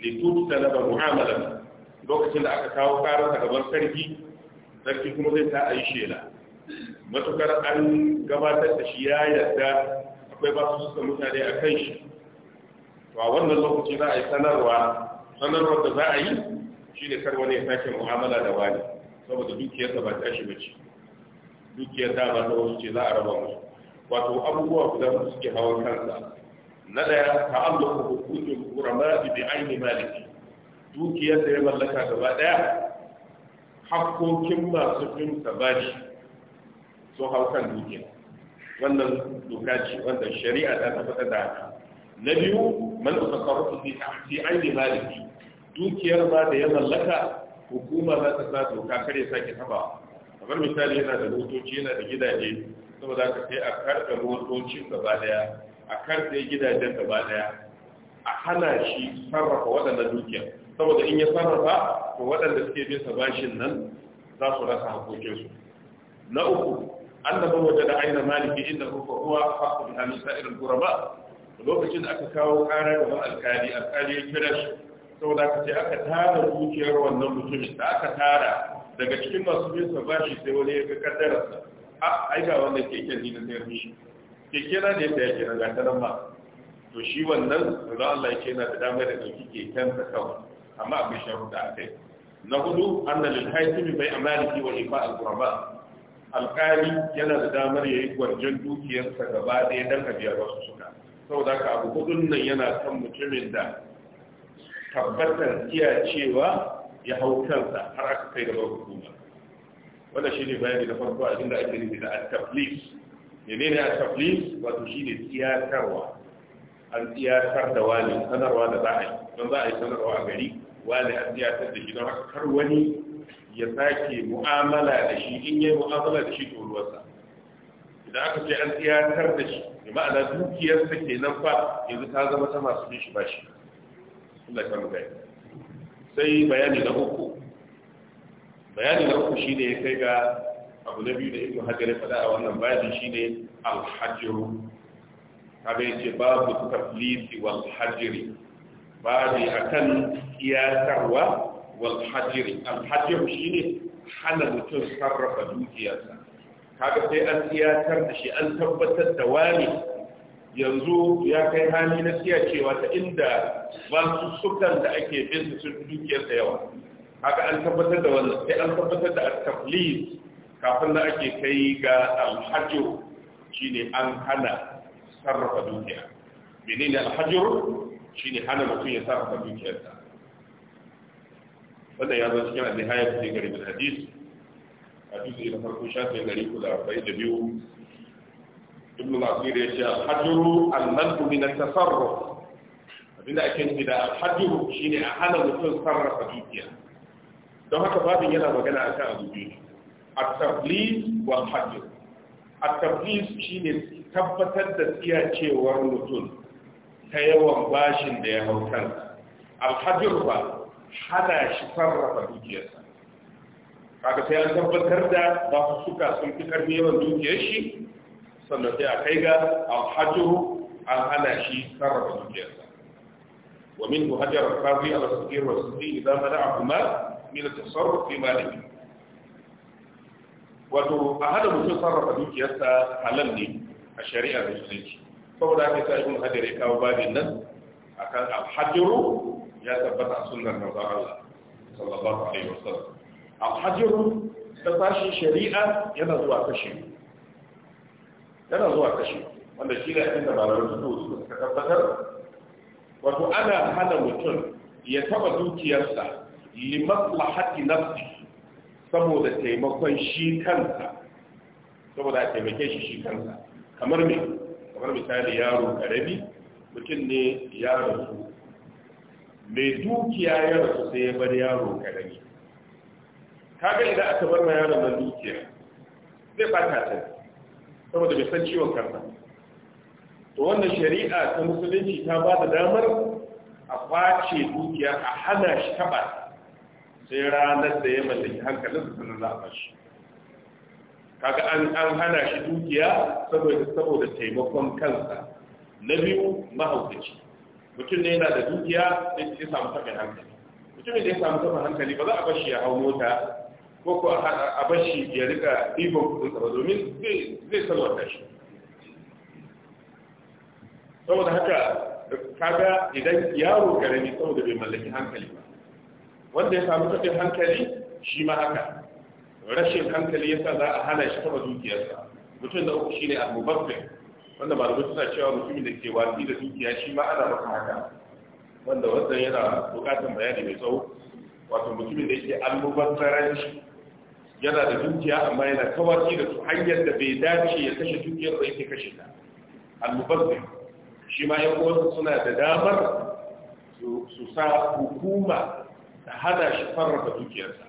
[SPEAKER 1] lituttalaba mu'amalan lokacin da aka kawo karan sa gaban sarki sarki kuma zai ta a yi shela matukar an gabatar da shi ya yarda akwai ba su suka mutane a kan shi to a wannan lokaci za a yi sanarwa sanarwar da za a yi shi ne kar wani ya sake mu'amala da wani saboda dukiyarsa ba tashi ba ce dukiyar da ba ta wasu ce za a raba musu wato abubuwa guda su suke hawan kansa na daya ta'alluqu hukumul ulama bi aini maliki dukiyar da ya mallaka gaba daya hakkokin masu bin tabari sun hau kan dukiyar wannan doka ce wanda shari'a ta tabbatar da na biyu man ta fi ta'ti aini maliki dukiyar ma da ya mallaka hukuma za ta sa doka kare sake taba kamar misali yana da motoci yana da gidaje saboda ka sai a karɓe motocin gaba daya a karɓe gidajen gaba daya a hana shi sarrafa waɗannan dukiyar saboda in ya sarrafa to waɗanda suke bin sa bashin nan za su rasa hakokinsu na uku annabi ba da aina maliki inda da huwa ruwa bi halin sa'ir al-guraba lokacin da aka kawo ƙara gaban alkali alkali ya kira shi saboda aka ce aka tara dukiyar wannan mutum da aka tara daga cikin masu bin sa bashi sai wani ya ga kaddararsa a ai ga wanda keken ni na sayar mishi keke na ne da yake na gatanan ma to shi wannan da Allah yake yana da damar da dauki keken sa kawai amma akwai sharuɗa akai na hudu annal hakim bai amaliki wa ifa al-guraba alƙali yana da damar ya yi gwarjin dukiyarsa gaba ɗaya don ka biya wasu suka saboda ka abu hudun nan yana kan mutumin da tabbatar iya cewa ya hau kansa har aka kai gaban hukuma wanda shi ne bayani da farko a inda ake nufi da at-taflis menene at-taflis wato ne tiyatarwa an tiyatar da wani sanarwa da za a yi don za a yi sanarwa a gari wani an tiyatar da shi don haka kar wani ya sake mu'amala da shi in yi mu'amala da shi ruwarsa idan aka ce an tiyatar da shi da ma'ana dukiyarsa ke nan fa yanzu ta zama ta masu bin shi ba shi Allah sai bayani na uku bayani na uku shine ya kai ga abu na biyu da ibnu hajar fada faɗa a wannan bayani shine al-hajru bai ce babu tafliti wal hajri babu akan iyatarwa wal hajiri al hana mutum sarrafa dukiyarsa kaga sai an tiyatar da shi an tabbatar da wani yanzu ya kai hali na siya cewa ta inda masu sukan da ake bin su sun da yawa haka an tabbatar da wannan sai an tabbatar da at kafin da ake kai ga al shine an hana sarrafa dukiya menene al shine hana mutum ya sarrafa dukiyarsa wannan ya zo cikin al-nihaya fi garibin hadis a juzu na farko shafin gari kula arba'in da biyu ibn al-asir ya ce al-hajru al-mandu min at-tasarruf abinda ake nufi da al shine a hana mutum sarrafa dukiya don haka babin yana magana akan abu biyu at-tablis wa al-hajru at-tablis shine tabbatar da tsiyacewar mutum ta yawan bashin da ya hau kansa al ba hana shi sarrafa dukiyarsa kaga sai an tabbatar da ba su suka sun fi karfi yawan dukiyar shi sannan sai a kai ga alhajiru an hana shi sarrafa dukiyarsa wa min ku hajjar rafi ala sakir wasu sisi idan mana akuma min tasarruf fi malihi wato a hada mutum sarrafa dukiyarsa halal ne a shari'ar musulunci saboda haka sai ibn hajar ya kawo babin nan akan alhajiru ya tabbata a sunnar manzon Allah sallallahu alaihi wasallam al-hajr ta tashi shari'a yana zuwa kashe, yana zuwa kashe. wanda shi ne abin da malaman su suka tabbatar wato ana hana mutum ya taba dukiyarsa li maslahati nafsi saboda taimakon shi kansa saboda a taimake shi shi kansa kamar me kamar misali yaro karabi mutum ne ya rasu mai dukiya ya rasu sai ya bar yaro karami kaga idan aka bar ma yaron nan dukiya zai bata ta saboda bai san ciwon kansa to wannan shari'a ta musulunci ta ba da damar a kwace dukiya a hana shi taba sai ranar da ya mallaki hankalin su sanar da shi kaga an an hana shi dukiya saboda saboda taimakon kansa na biyu mahaukaci mutum ne yana da dukiya sai ya samu taɓin hankali mutumin da ya samu taɓin hankali ba za a bashi ya hau mota ko ko a bashi ya rika ɗiban kuɗinsa ba domin zai salwata shi saboda haka kaga idan yaro karami saboda bai mallaki hankali ba wanda ya samu taɓin hankali shi ma haka rashin hankali yasa za a hana shi taba dukiyarsa mutum da uku shine abubakar wanda malamai suna cewa mutumin da ke wasi da dukiya shi ma ana masa haka wanda wannan yana bukatan bayani mai tsawo wato mutumin da ke almubazzaranci yana da dukiya amma yana kawaki da su hanyar da bai dace ya kashe dukiyar da yake kashe ta almubazzir shi ma yan uwansa suna da damar su sa hukuma ta hana shi farrafa dukiyarsa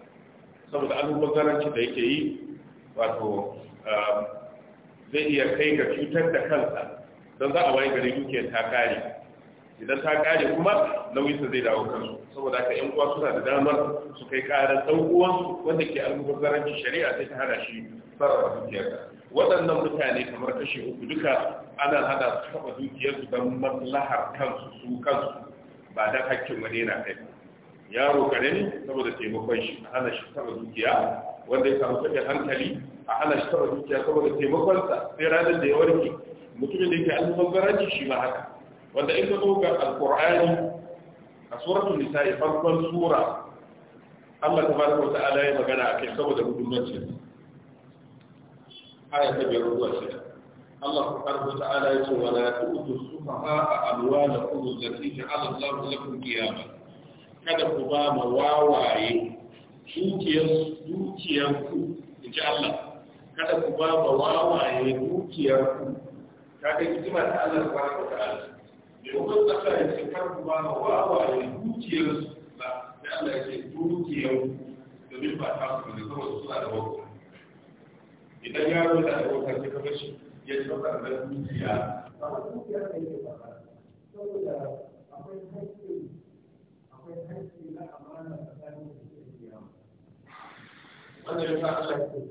[SPEAKER 1] saboda almubazzaranci da yake yi wato um, zai iya kai ga cutar da kansa don za a waye gari dukiyar ta kare idan ta kare kuma nauyinsa zai dawo kansu saboda haka yan uwa suna da damar su kai karar dan wanda ke almubazzaranci shari'a sai ta hana shi sarrafa dukiyar waɗannan mutane kamar kashe uku duka ana hada su kafa dukiyarsu don maslahar kansu su kansu ba don hakkin wani yana kai yaro ne saboda taimakon shi hana shi kafa dukiya wanda ya samu tafiya hankali a hana shi taba dukiya saboda taimakonsa sai ranar da ya warke mutumin da yake almubazzaranci shi ma haka wanda in ka zo ga alkur'ani a suratul nisa'i farkon sura Allah tabaraka wa ta'ala ya magana akai saboda muhimmancin aya ta biyar zuwa shida الله سبحانه وتعالى يقول ولا تؤتوا السفهاء أموالكم التي za ku لكم قياما kada ku ba ma wawaye dukiyarku in ji Allah kada ku ba ba wawaye dukiyar ku ta ga hikima ta Allah subhanahu wataala da wannan tsaka ya ce kar ku ba ba wawaye dukiyar su ba da Allah ya ce dukiyar ku domin ba ta su ne saboda suna da wako idan yaro da da wata ce kamar shi ya ce ba da dukiya ba dukiya ne ke ba saboda
[SPEAKER 2] akwai haƙƙi akwai haƙƙi na amana tsakanin da ke kiyama
[SPEAKER 1] wannan ya sa Allah ya ce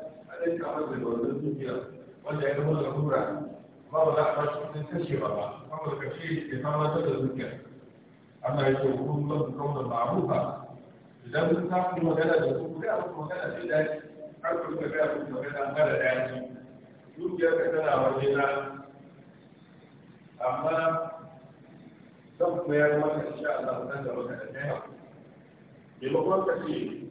[SPEAKER 1] sai ka masa da wannan dukiya wanda ya zama hura ba ba za a bashi kudin kashe ba ba saboda kashe ke fama da dukiya ana yi kyau kuma zan kauna ma'arufa idan kun ta magana da su kuma ya kuma magana da daji har ku kuma ya kuma magana mara daji dukiyar ka tana waje na amma zan kuma ya maka insha Allah nan da maka da kai maimakon ka ce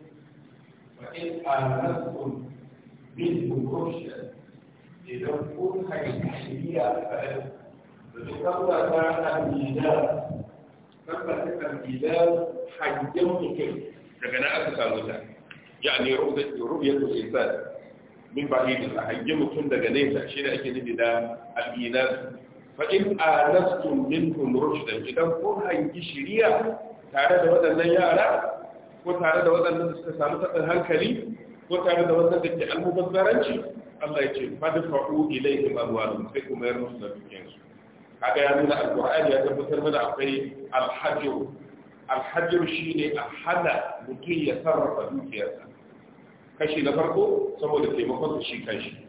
[SPEAKER 1] فإن آمنتم بالبكوشة لنكون حيثية فتقوى تعالى الميلاد فما تقى الميلاد حيثيون كيف لكن أنا أتكلم لك يعني رؤية رؤية الإنسان من بعيد الحجم كن دجنيت أشياء فإن آلفتم منكم رشدا إذا كون هاي الشريعة تعرف هذا النيارة ko tare da waɗanda suka samu taɗin hankali ko tare da waɗanda ke almubazzaranci Allah ya ce fadfa'u ilaihim alwalum sai kuma yar musu da dukiyansu kaga ya nuna alqur'ani ya tabbatar mana akwai alhajr shi ne a hada mutum ya sarrafa dukiyarsa kashi na farko saboda taimakon shi kanshi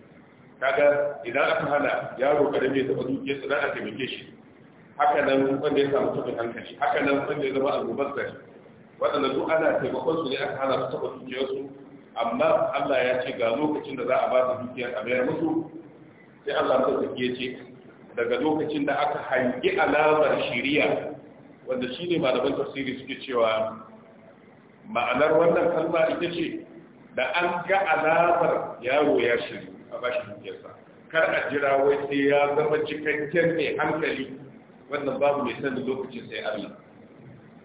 [SPEAKER 1] kaga idan aka hana yaro karami ya zama dukiyarsa za a taimake shi haka nan wanda ya samu taɓin hankali haka nan wanda ya zama almubazzari waɗanda duk ana taimakon su ne aka hana su taɓa dukiyarsu amma Allah ya ce ga lokacin da za a ba su dukiyar a bayar musu sai Allah ta ya ce daga lokacin da aka hangi alamar shiriya wanda shi ne malaman tafsiri suke cewa ma'anar wannan kalma ita ce da an ga alamar yaro ya shiri a ba shi dukiyarsa kar a jira wai sai ya zama cikakken mai hankali wannan babu mai sanin lokacin sai Allah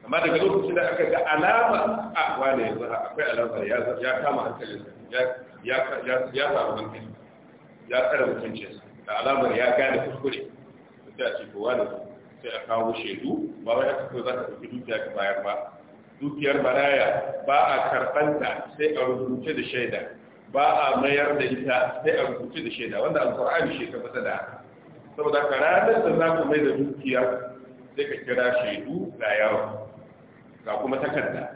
[SPEAKER 1] amma daga lokacin da aka ga alama a wane yanzu akwai alama ya kama hankalin ya samu hankali ya tsara mutuncin da alamar ya gane kuskure sai a ce kowa da sai a kawo shaidu ba wai aka so za ka ɗauki dukiya ka bayar ba dukiyar baraya ba a karɓanta sai a rubuce da shaida ba a mayar da ita sai a rubuce da shaida wanda alƙur'ani shi ka fata da saboda karatun ranar da za ka mai da dukiya sai ka kira shaidu ga yawon ga kuma takarda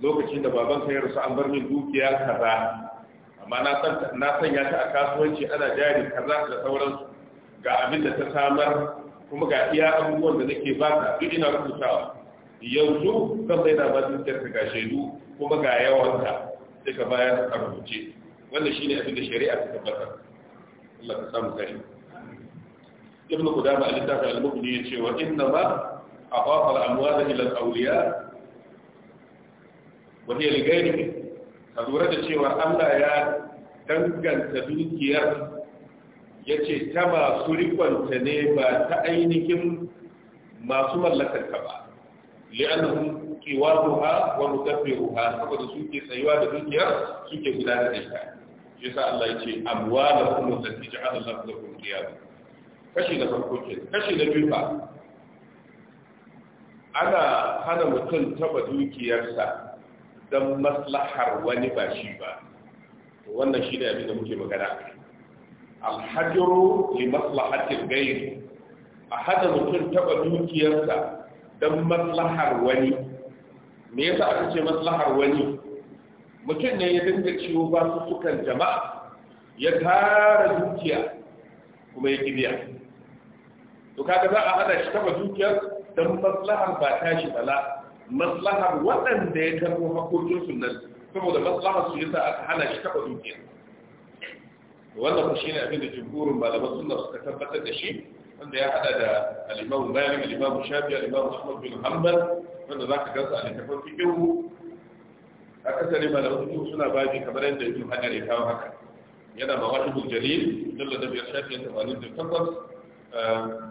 [SPEAKER 1] lokacin da baban ya rasu an bar min dukiya kaza amma na sanya ta a kasuwanci ana jari kaza da sauransu ga abin da ta samar kuma ga iya abubuwan da nake ba ta duk ina rubutawa yanzu zan bai ba ba dukiyar ga shaidu kuma ga yawanta sai ka bayar a rubuce wannan shine abin da shari'a ta tabbatar Allah ka samu kai ibnu qudama al-littafi al-mughni yace wa inna ma أضاف الأموال إلى الأولياء وهي لغيره فلورة الشيء وأن يا dangan ta dukiyar ya ce ta masu rikonta ne ba ta ainihin masu mallakarta ba li'annahu kiwatuha wa mutaffiruha saboda su ke da dukiyar su ke guda da dukiya shi sa Allah ya ce amwalakum wa tijalu lakum qiyam kashi na farko ke kashi na biyu ba ana hana mutum taba dukiyarsa don maslahar wani ba shi ba wannan shi ne abin da muke magana alhajiru li maslahatil gairi a hada mutum taba dukiyarsa don maslahar wani me yasa aka ce maslahar wani mutum ne ya dinga ciwo ba su sukan jama'a ya tara dukiya kuma ya kibiya to kaga za a hada shi taba dukiyar don maslahar ba ta shi bala maslahar waɗanda ya karɓo hakokin sunan saboda maslahar su yasa aka hana shi taɓa dukiya wannan ku shine abin da jumhurin malaman sunna suka tabbatar da shi wanda ya hada da al-Imam Malik al Shafi al-Imam Ahmad bin Hanbal wanda zaka gansa a littafin A akasari malaman fiqh suna baji kamar yadda Ibn Hajar ya kawo haka yana mawahibul jalil dalla da biyar shafi takwas.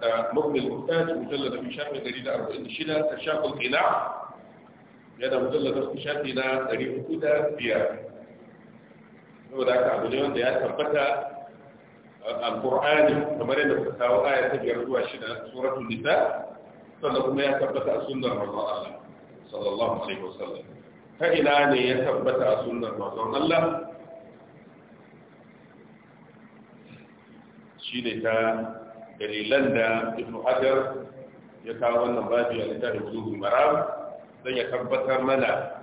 [SPEAKER 1] ده مبني مجلد في شهر جريدة أربع إن شلا تشاق القناع يدا مجلد في شهر قناع تريد كودة بيا هو ده كعبونيون ده يتفقط القرآن تمرين بكتاو آية تجير هو سورة النساء فلهم يتفقط السنة الرضا صلى الله عليه وسلم فإلى أن يتفقط السنة الرضا الله شيء ده dalilan da ibn hajar ya kawo wannan babi a littafin zuhu maram zan ya tabbatar mana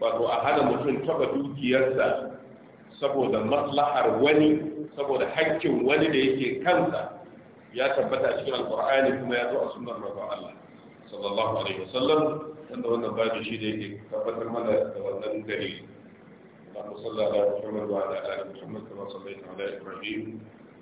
[SPEAKER 1] wato a hana mutum taba dukiyarsa saboda maslahar wani saboda hakkin wani da yake kansa ya tabbata a cikin alqur'ani kuma ya zo a sunan manzon Allah sallallahu alaihi wasallam wanda wannan babi shi da yake tabbatar mana da wannan dalili اللهم صل على محمد وعلى ال محمد كما صليت على ابراهيم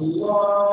[SPEAKER 3] 我。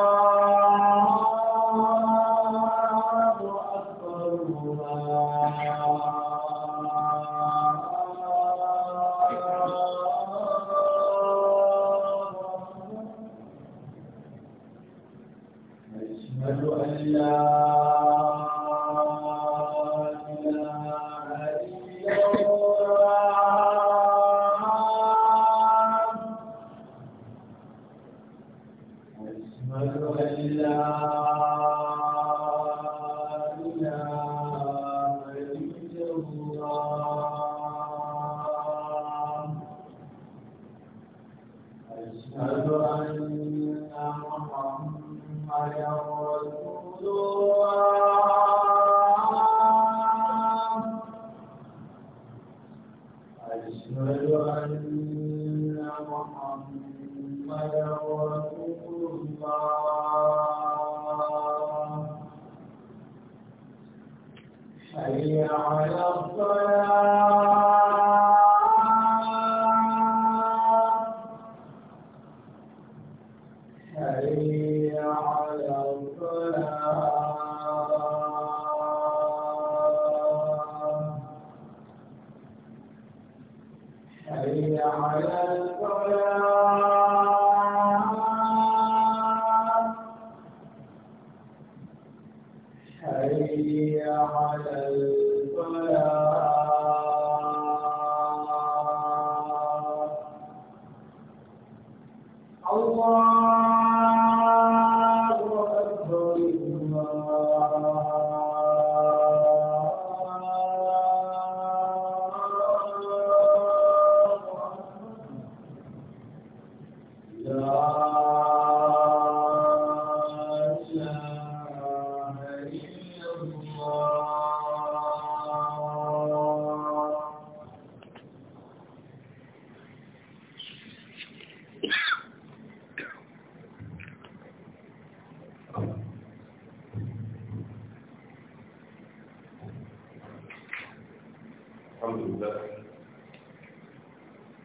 [SPEAKER 1] alhamdulillah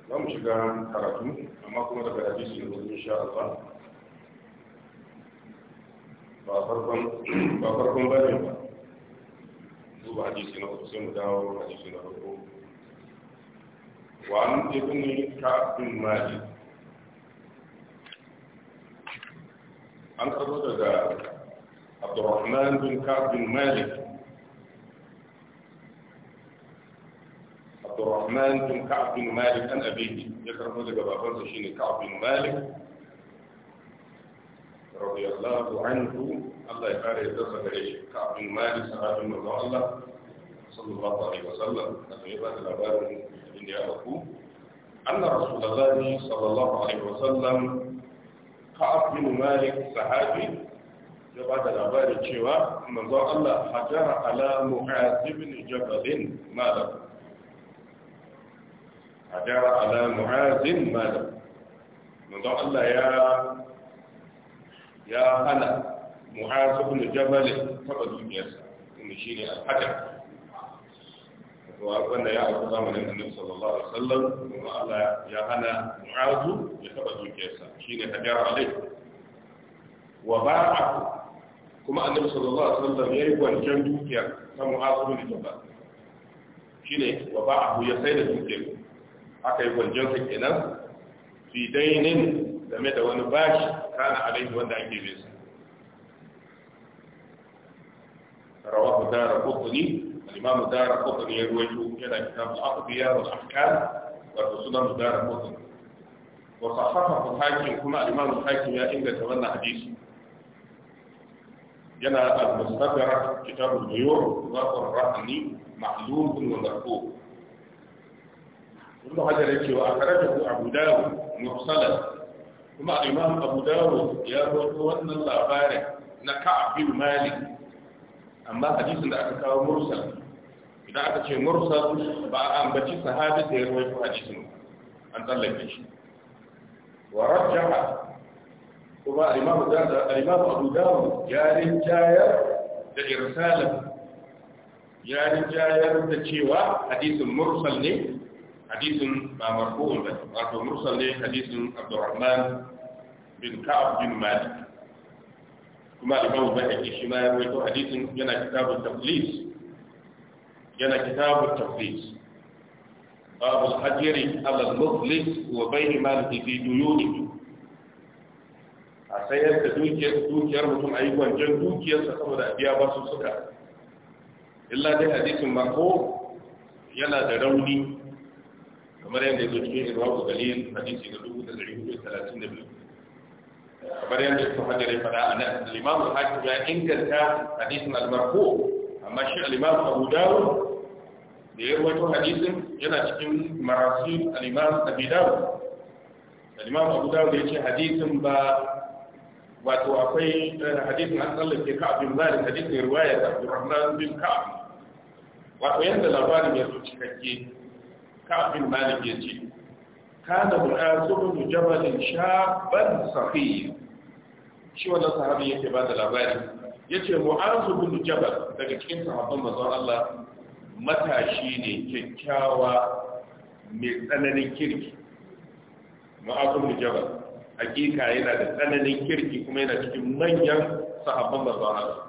[SPEAKER 1] za mu shiga karatu amma kuma daga hadisi ne wajen insha Allah ba farkon ba ne ba zuba hadisi na uku sai mu dawo hadisi na farko وعن ابن كعب بن مالك عن أبو عبد الرحمن بن كعب بن مالك الرحمن بن كعب بن مالك عن أبيه يكره لك بابنسا شيني كعب بن مالك رضي الله عنه الله يقال يتصل إليه كعب بن مالك صحابي من الله صلى الله عليه وسلم أخيبا الأبار من يأخوه أن رسول الله صلى الله عليه وسلم كعب بن مالك صحابي ya ba شواء من cewa الله حجر على معاذ بن جبل jabal A hada ala mu'azin malam manzo Allah ya ya hana mu'az ibn jabal taba dukiyarsa kuma shine al-hajar wanda ya zama zamanin annabi sallallahu alaihi wasallam kuma Allah ya hana mu'az ya taba dukiyarsa shine hajar alai wa ba'a kuma annabi sallallahu alaihi wasallam yi gwanjan dukiya ta mu'az ibn jabal shine wa ba'ahu ya sai da dukiyarsa aka yi gwanjonsa kenan fi dainin game da wani bashi kana alaihi wanda ake bin sa rawahu dara qutni al-imam dara qutni ya ruwaito yana kitab al-aqdiya wal ahkam wa sunan dara qutni wa sahahahu hakim kuma al-imam hakim ya inganta wannan hadisi yana al-mustadrak kitab al-buyur wa al rahni mahdud wa marfu' ibn hajar yake wa akarajahu abu dawud mursalan kuma imam abu dawud ya rawaito wannan labarin na ka'ab bin malik amma hadisin da aka kawo mursal idan aka ce mursal ba a ambaci sahabi da ya rawaito hadisin an tsallake shi wa rajjaha kuma al-imam abu dawud ya rinjayar da irsalin ya rinjayar da cewa hadisin mursal ne hadisin ba marfu'un ba wato mursal ne hadisin Abdurrahman bin Ka'ab bin Malik kuma Imam Bukhari shi ma ya rawaito hadisin yana kitabun taflis yana kitabun taflis babu hajjiri ala muflis wa bayni malihi fi duyuni a sayar da dukiyar mutum a yi wancan dukiyarsa saboda biya ba su suka illa hadisin mako yana da rauni مريان دي دوجي رواه دليل حديث يقولوا ان العيوب 30 نبل مريان دي صحه دي فدا انا الامام الحاكم يعني ان كان حديث المرفوع اما شيء الامام ابو داود دي هو حديث يلا تشكي مراسيل الامام ابي داود الامام ابو داود يجي حديث با wato akwai eh, hadisin an tsallake ka abin bari hadisin ruwaya da abdurrahman bin ka wato yadda labarin ya zo cikakke kafin malik ya ce kana mu'azu bin jabal shaban safiy shi wannan sahabi yake ba da labari Ya ce mu'azu bin jabal daga cikin sahabban manzon Allah matashi ne kyakkyawa mai tsananin kirki mu'azu bin jabal hakika yana da tsananin kirki kuma yana cikin manyan sahabban manzon Allah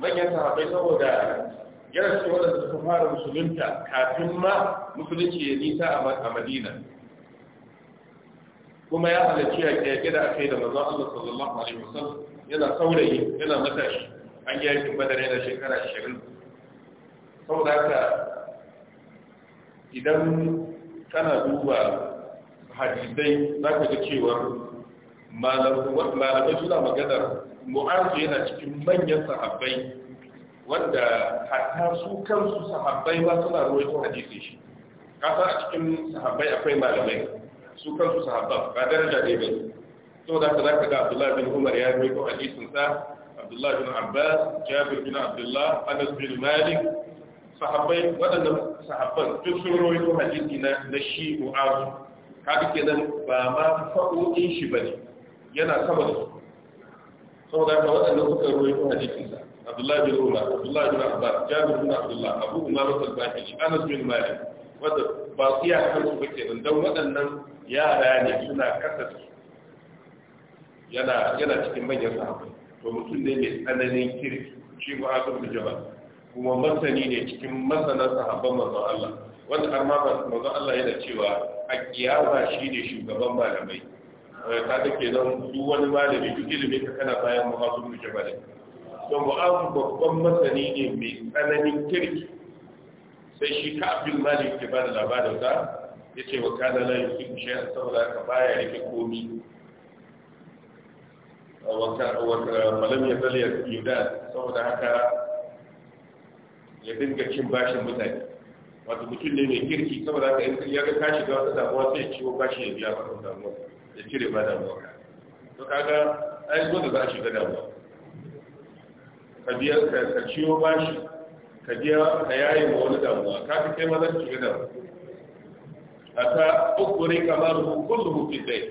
[SPEAKER 1] manyan sahabai saboda yana cikin waɗanda suka fara musulunta kafin ma musulunci ya nisa a madina kuma ya halarci a kyakkyar da aka yi da mazan allah sallallahu alaihi wasallam yana saurayi yana matashi an yi aikin badar yana shekara ashirin Sau da haka idan kana duba hadisai za ka ga cewa malamai suna maganar mu'azu yana cikin manyan sahabbai wanda hatta su kansu sahabbai ba suna ruwaito hadisi, shi kasa a cikin sahabbai akwai malamai su kansu sahabban ba daraja ne bai to da ka ga Abdullahi bin Umar ya ruwaito hadisin sa Abdullahi bin Abbas Jabir bin Abdullah Anas bin Malik sahabbai waɗannan sahabban duk sun ruwaito hadisi na na shi ka kaga nan ba ma fa'o'in shi bane yana saboda da su saboda ka waɗannan suka ruwaito hadisin sa abdullahi bin umar abdullahi bin abbas abu umar bin bakiri anas bin malik wanda ba su ya kan su bake nan don waɗannan yara ne suna kasa yana cikin manyan sahabbai to mutum ne mai tsananin kirki shi mu'azir bin jabal kuma masani ne cikin masana sahabban manzon Allah wanda har ma Allah yana cewa a kiyama shine shugaban malamai ka take nan duk wani malami duk ilimin ka kana bayan muhammadu ne. da an babban masani ne mai tsananin kirki sai shi ka abin mali ke ba da labarin ta ya ce wa kana la shi a saboda ka baya rike komi malam ya zale yuda saboda haka ya dinga cin bashin mutane wato mutum ne mai kirki saboda haka ya ga ka shiga wata damuwa sai ciwo bashi ya biya wata damuwa ya cire ba damuwa to kaga ai wanda za a shiga damuwa ka ka ciwo bashi ka biya ka yayi ma wani damuwa ka fi kai mazan shiga da a ta ukuri kamar kullu hufi dai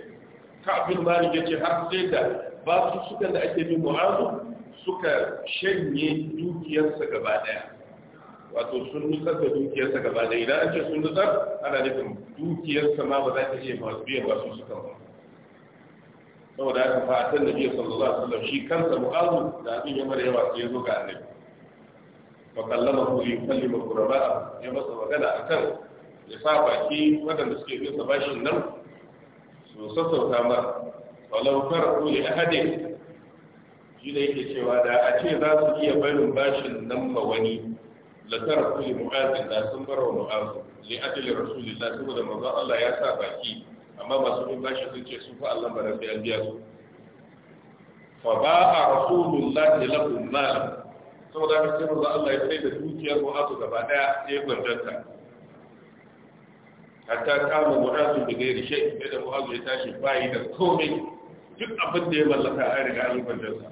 [SPEAKER 1] ka abin malik ya har sai da ba su suka da ake bin mu'azu suka shanye dukiyarsa gaba daya wato sun nutsar da dukiyarsa gaba daya idan an ce sun nutsar ana nufin dukiyarsa ma ba za ta iya masu biyan ba su suka ba saboda haka fa atan nabi sallallahu alaihi wasallam shi kansa mu'azu da abin ya mara yawa sai ya zo ga annabi fa kallama hu li kallima quraba ya masa magana akan ya sa baki wadanda suke bin sa bashin nan su sassauta ma walau farahu li ahadin shi da yake cewa da a ce za su iya barin bashin nan ma wani la taraku li mu'azin da sun bar wa mu'azu li ajli rasulillah saboda manzo Allah ya sa baki amma masu bin bashi sun ce sun fi Allah ba sai an su fa ba a rasulullahi lahum mal saboda haka sai manzo Allah ya sai da dukiyar mu'azu gaba daya sai gwanjanta hatta kama mu'azu da gairi shay sai da mu'azu ya tashi bayi da komai duk abin da ya mallaka a riga an gwanjanta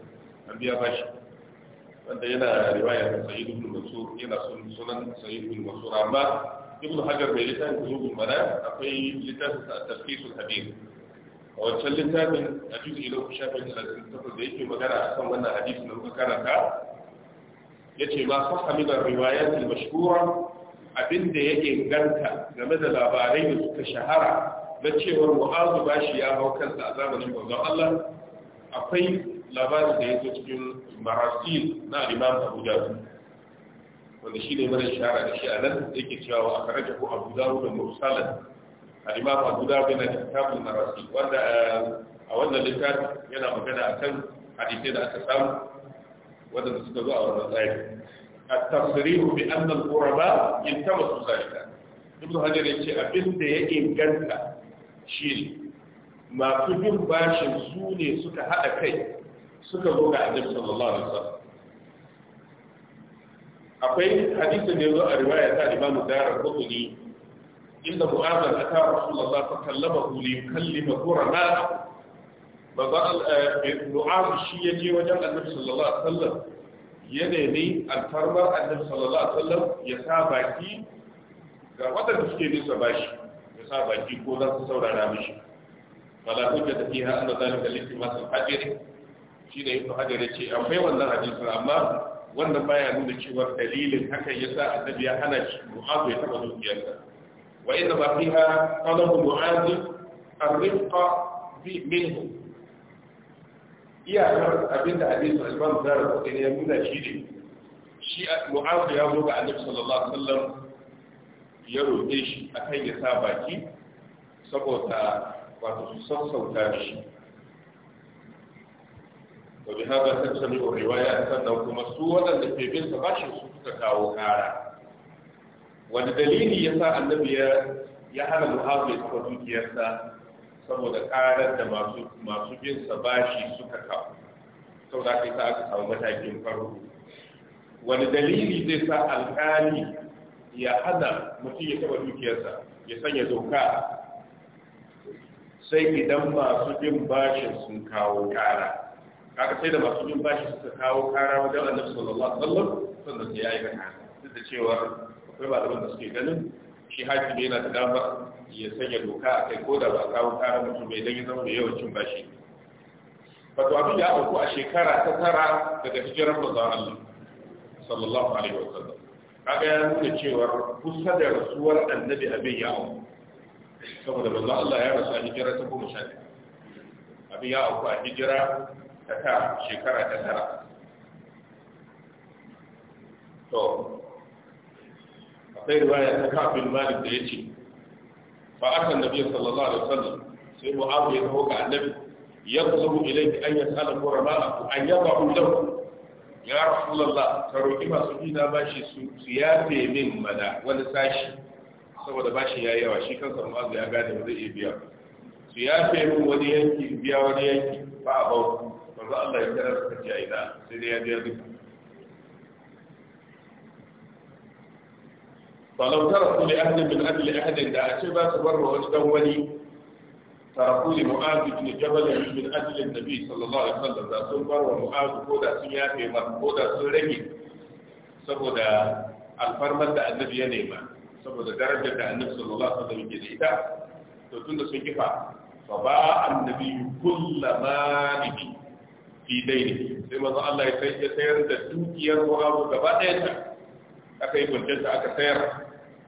[SPEAKER 1] an biya bashi wanda yana riwaya da Sayyid ibn Mansur yana sunan Sayyid ibn Mansur amma ابن حجر من لسان قلوب المنام أقي لسان تفكيس الحديث وشلن من أجوز إلى شاب من الأسفل ذي في مجال أحسن من الحديث من مكان ذا يتي ما صح من الروايات المشهورة أبن ذي يجي غنكا لماذا لا بارين كشهارة بچي ورمعاض باشي أهو كانت أعزام الله الله أقي لا بارين ذي يجي مراسيل نا الإمام أبو جاوز wanda shi ne mana shara da shi a nan da yake cewa wa aka rajahu abu da wuri mursalin a limafa abu da wuri na littafin marasi wanda a wannan littafi yana magana a kan hadisai da aka samu wanda da suka zo a wannan tsari a tafsirihu bi annal qurba in tama su zalika ibn hajar ya ce abin da ya inganta shi ne masu bin bashin su ne suka haɗa kai suka zo ga annabi sallallahu akwai hadisin da yazo a riwaya ta Imam Darar Qutni inda Mu'adh ata Rasulullah fa kallamahu li yukallima qurana bazal eh, Mu'adh shi yaje wajen Annabi sallallahu alaihi wasallam ya nemi alfarmar Annabi sallallahu alaihi wasallam ya sa baki ga wadanda suke nisa ba shi, ya sa baki ko za su saurara mishi fala hujjata fiha anna zalika litimasa al-hajr shi da yin hajar ce. akwai wannan hadisin amma wannan baya nuna cewa dalilin hakan yasa annabi ya hana shi mu'azu ya taba dukiyarsa wa inna ma fiha talabu mu'azu ar-rifqa bi minhu iyakar abinda hadisi al-Imam Zara ko ne ya nuna shi ne shi mu'azu ya zo ga annabi sallallahu alaihi wasallam ya roƙe shi akan ya sa baki saboda wato su sassauta shi wa bi hada tattali wa riwaya sannan kuma su waɗanda ke bin sa bashin su suka kawo ƙara. wani dalili yasa annabi ya ya hana muhammad ya kafa dukiyarsa saboda karar da masu bin sa bashi suka kawo saboda kai sa aka samu matakin farko wani dalili zai sa alƙali ya hana mutum ya taɓa dukiyarsa ya sanya doka sai idan masu bin bashin sun kawo ƙara kaga sai da masu yin bashi suka kawo kara wajen annabi sallallahu alaihi wasallam sannan sai ya yi haka duk da cewa akwai malaman da suke ganin shi hakimi yana da damar ya sanya doka a kai ko da ba kawo kara mutum bai dan ya zama da yawancin bashi wato abin ya auku a shekara ta tara daga hijiran manzon Allah sallallahu alaihi wasallam kaga ya nuna cewa kusa da rasuwar annabi abin ya auku saboda manzon Allah ya rasu a hijira ta goma sha abin ya auku a hijira ta shekara ta tara to akwai riwaya ta kafin malik da ya ce fa aka nabi sallallahu alaihi wasallam sai mu abu ya kawo ga annabi ya kusubu ilayki an yasala ku an yabahu lahu ya rasulullah ka roki masu bina ba su su yafe min mana wani sashi saboda ba shi ya yawa shi kansa mu'awu ya gane ba zai iya biya su yafe min wani yanki biya wani yanki ba a bau manzo Allah ya kira suka ce aina sai dai ya je duka falau tarafu li ahadin min ajli ahadin da a ce ba su barwa wani dan wani tarafu li mu'az ibn jabal min ajli annabi sallallahu alaihi wasallam da sun barwa mu'az ko da sun yafe masa ko da sun rage saboda alfarmar da annabi ya nema saboda darajar da annabi sallallahu alaihi wasallam yake da ita to tunda sun kifa fa ba annabi kullu maliki fi daini sai manzo Allah ya sai ya sayar da dukiyar Muawiya gaba ɗaya ta aka yi bincin aka sayar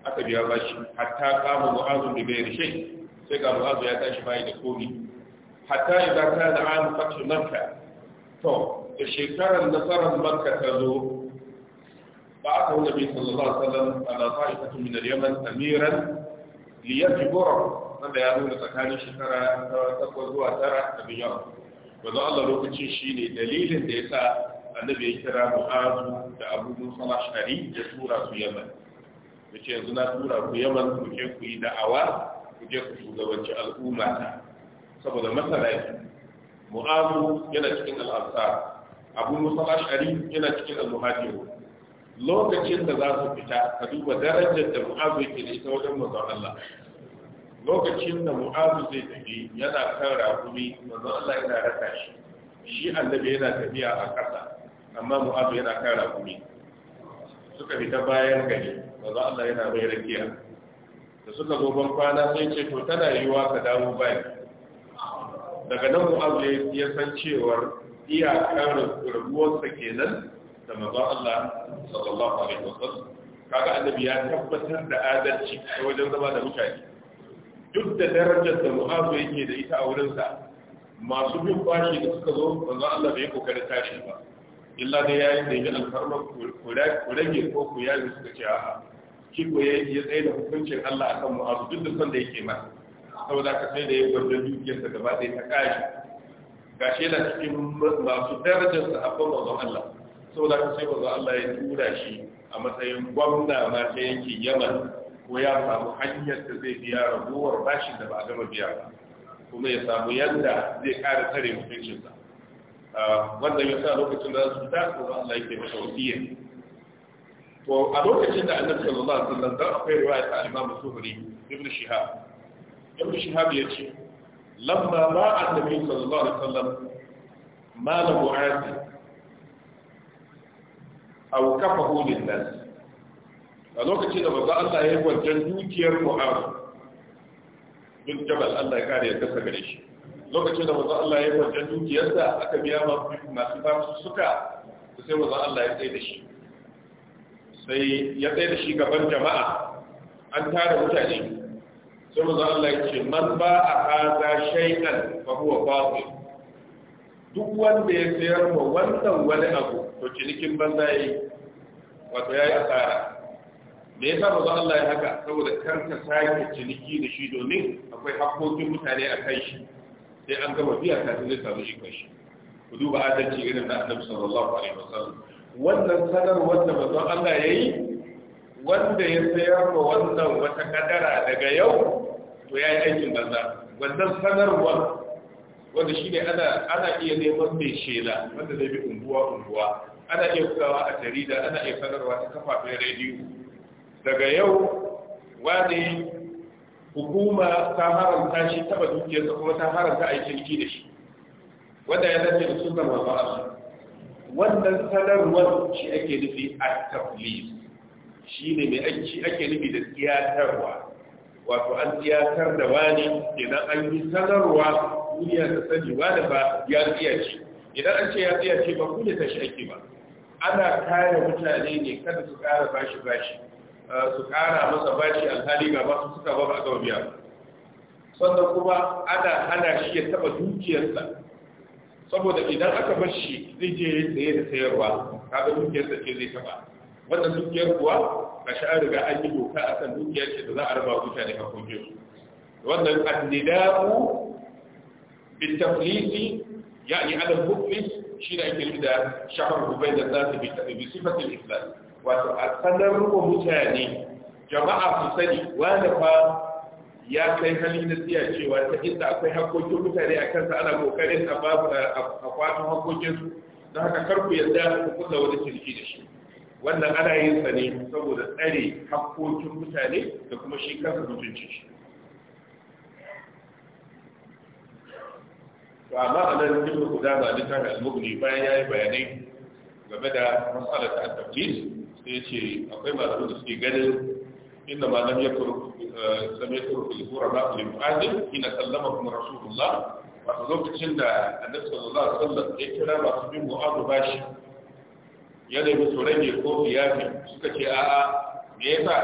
[SPEAKER 1] aka biya bashi hatta kama Muawiya da bai rishe sai ga Muawiya ya tashi bai da komi hatta idan kana an fatu Makka to da shekarar nasarar Makka ta zo بعثه النبي صلى الله عليه وسلم على طائفة من اليمن أميرا ليجبره هذا يقول تكاني شكرا تقوى ترى تبيعه manzo Allah lokacin ne dalilin da ya yasa annabi ya kira Mu'az da Abu Musa ari ashari da tura su Yaman yace yanzu na tura ku Yaman ku je ku yi da'awa ku je ku shugabanci al'umma ta saboda masala Mu'az yana cikin al-Ansar Abu ari yana cikin al-Muhajirun lokacin da za su fita ka duba darajar da Mu'az yake da ita wajen mazaunan Allah lokacin da mu'azu zai tafi yana kan rakumi manzon Allah yana raka shi shi annabi yana tafiya a ƙasa amma mu'azu yana kan rakumi suka fita bayan gari manzon Allah yana bai rakiya da suka zo ban kwana sai ce to tana yiwa ka dawo bayan daga nan mu'azu ya san cewar iyakar rabuwarsa kenan da manzon Allah sallallahu alaihi wasallam kaga annabi ya tabbatar da adalci ta wajen zama da mutane duk da darajar da mu'azu yake da ita a wurinsa masu bin kwashi da suka zo manzo Allah bai kokarin tashi ba illa da yi da yin alfarma ku rage ko ku yaji suka ce a'a shi ko ya tsaye da hukuncin Allah akan mu'azu duk da son da yake ma saboda ka sai da ya gwarda dukiyar da gaba ɗaya ta kashi gashi yana cikin masu darajar sa abban wanzu Allah saboda ka sai manzo Allah ya tura shi a matsayin gwamna ma ta yankin Yaman ko ya samu hanyar da zai biya ragowar bashin da ba a gama biya ba kuma ya samu yadda zai ƙara tsare mutuncinsa wannan ya sa lokacin da su ta ko Allah yake masa wasiyya to a lokacin da annabi sallallahu alaihi wasallam da akwai riwaya ta Imam Zuhri ibn Shihab ibn Shihab yace lamma ma annabi sallallahu alaihi wasallam malahu asi aw kafahu lin nas a lokacin da manzo Allah ya yi wancan dukiyar Mu'az bin Jabal Allah ya kare ya kasa gare shi lokacin da manzo Allah ya yi wancan dukiyarsa aka biya masu basu suka sai manzo Allah ya tsaye da shi sai ya tsaye da shi gaban jama'a an tara mutane sai manzo Allah ya ce man ba a haza shaikan ba huwa fasil duk wanda ya sayar wa wannan wani abu to cinikin banza yi, wato ya yi asara me yasa ba za Allah ya haka saboda karka sake ciniki da shi domin akwai hakokin mutane a kai shi sai an gama biya kafin zai samu shi kai shi ku duba adalci irin na annabi sallallahu alaihi wasallam wannan sanarwar da manzon Allah yayi wanda ya sayar wa wannan wata kadara daga yau to ya yi aikin banza wannan sanarwar wanda shi ne ana iya neman mai shela wanda zai bi unguwa-unguwa ana iya kawo a jarida ana iya sanarwa ta kafafen rediyo daga yau wani hukuma ta haramta shi taba dukiyarsa kuma ta haramta a yi kirki da shi wanda ya dace da sunan maba'a wannan sanarwar shi ake nufi a taflis shi ne mai shi ake nufi da tiyatarwa wato an tiyatar da wani idan an yi sanarwa duniya ta sani wani ba ya tsiyace idan an ce ya tsiyace ba kune ta shi ake ba ana kare mutane ne kada su kara bashi bashi su kara masa bashi alhali ga masu suka ba ga biya sannan kuma ana hana shi ya taba dukiyarsa saboda idan aka bar shi zai je ya tsaye da sayarwa kaga dukiyarsa ce zai taba wannan dukiyar kuwa ga shi riga an yi doka kan dukiyar shi da za a raba mutane a kafin jiya. wannan annidamu bitaflisi yani ala muflis shi ne ake nuna shahar rubai da za su bi sifatin islam wato a sanar mutane jama'a su sani wani fa ya kai hali na siya cewa ta inda akwai hakkokin mutane a kansa ana kokarin a babu a kwatan hakkokinsu don haka karku yadda ku kulla wani ciniki da shi wannan ana yin sa ne saboda tsare hakkokin mutane da kuma shi kansa mutunci shi to amma a nan ibnu ku dama ta al-mughni bayan yayi bayanai game da mas'alar at sai ce akwai masu da suke ganin inda ma lam yakuru eh, lam yakuru fil qurba lil mu'adil ina sallama kuma rasulullah wato lokacin da annabi sallallahu alaihi wasallam ya kira masu bin mu'adu bashi ya nemi su rage ko fiyafi suka ce a'a me yasa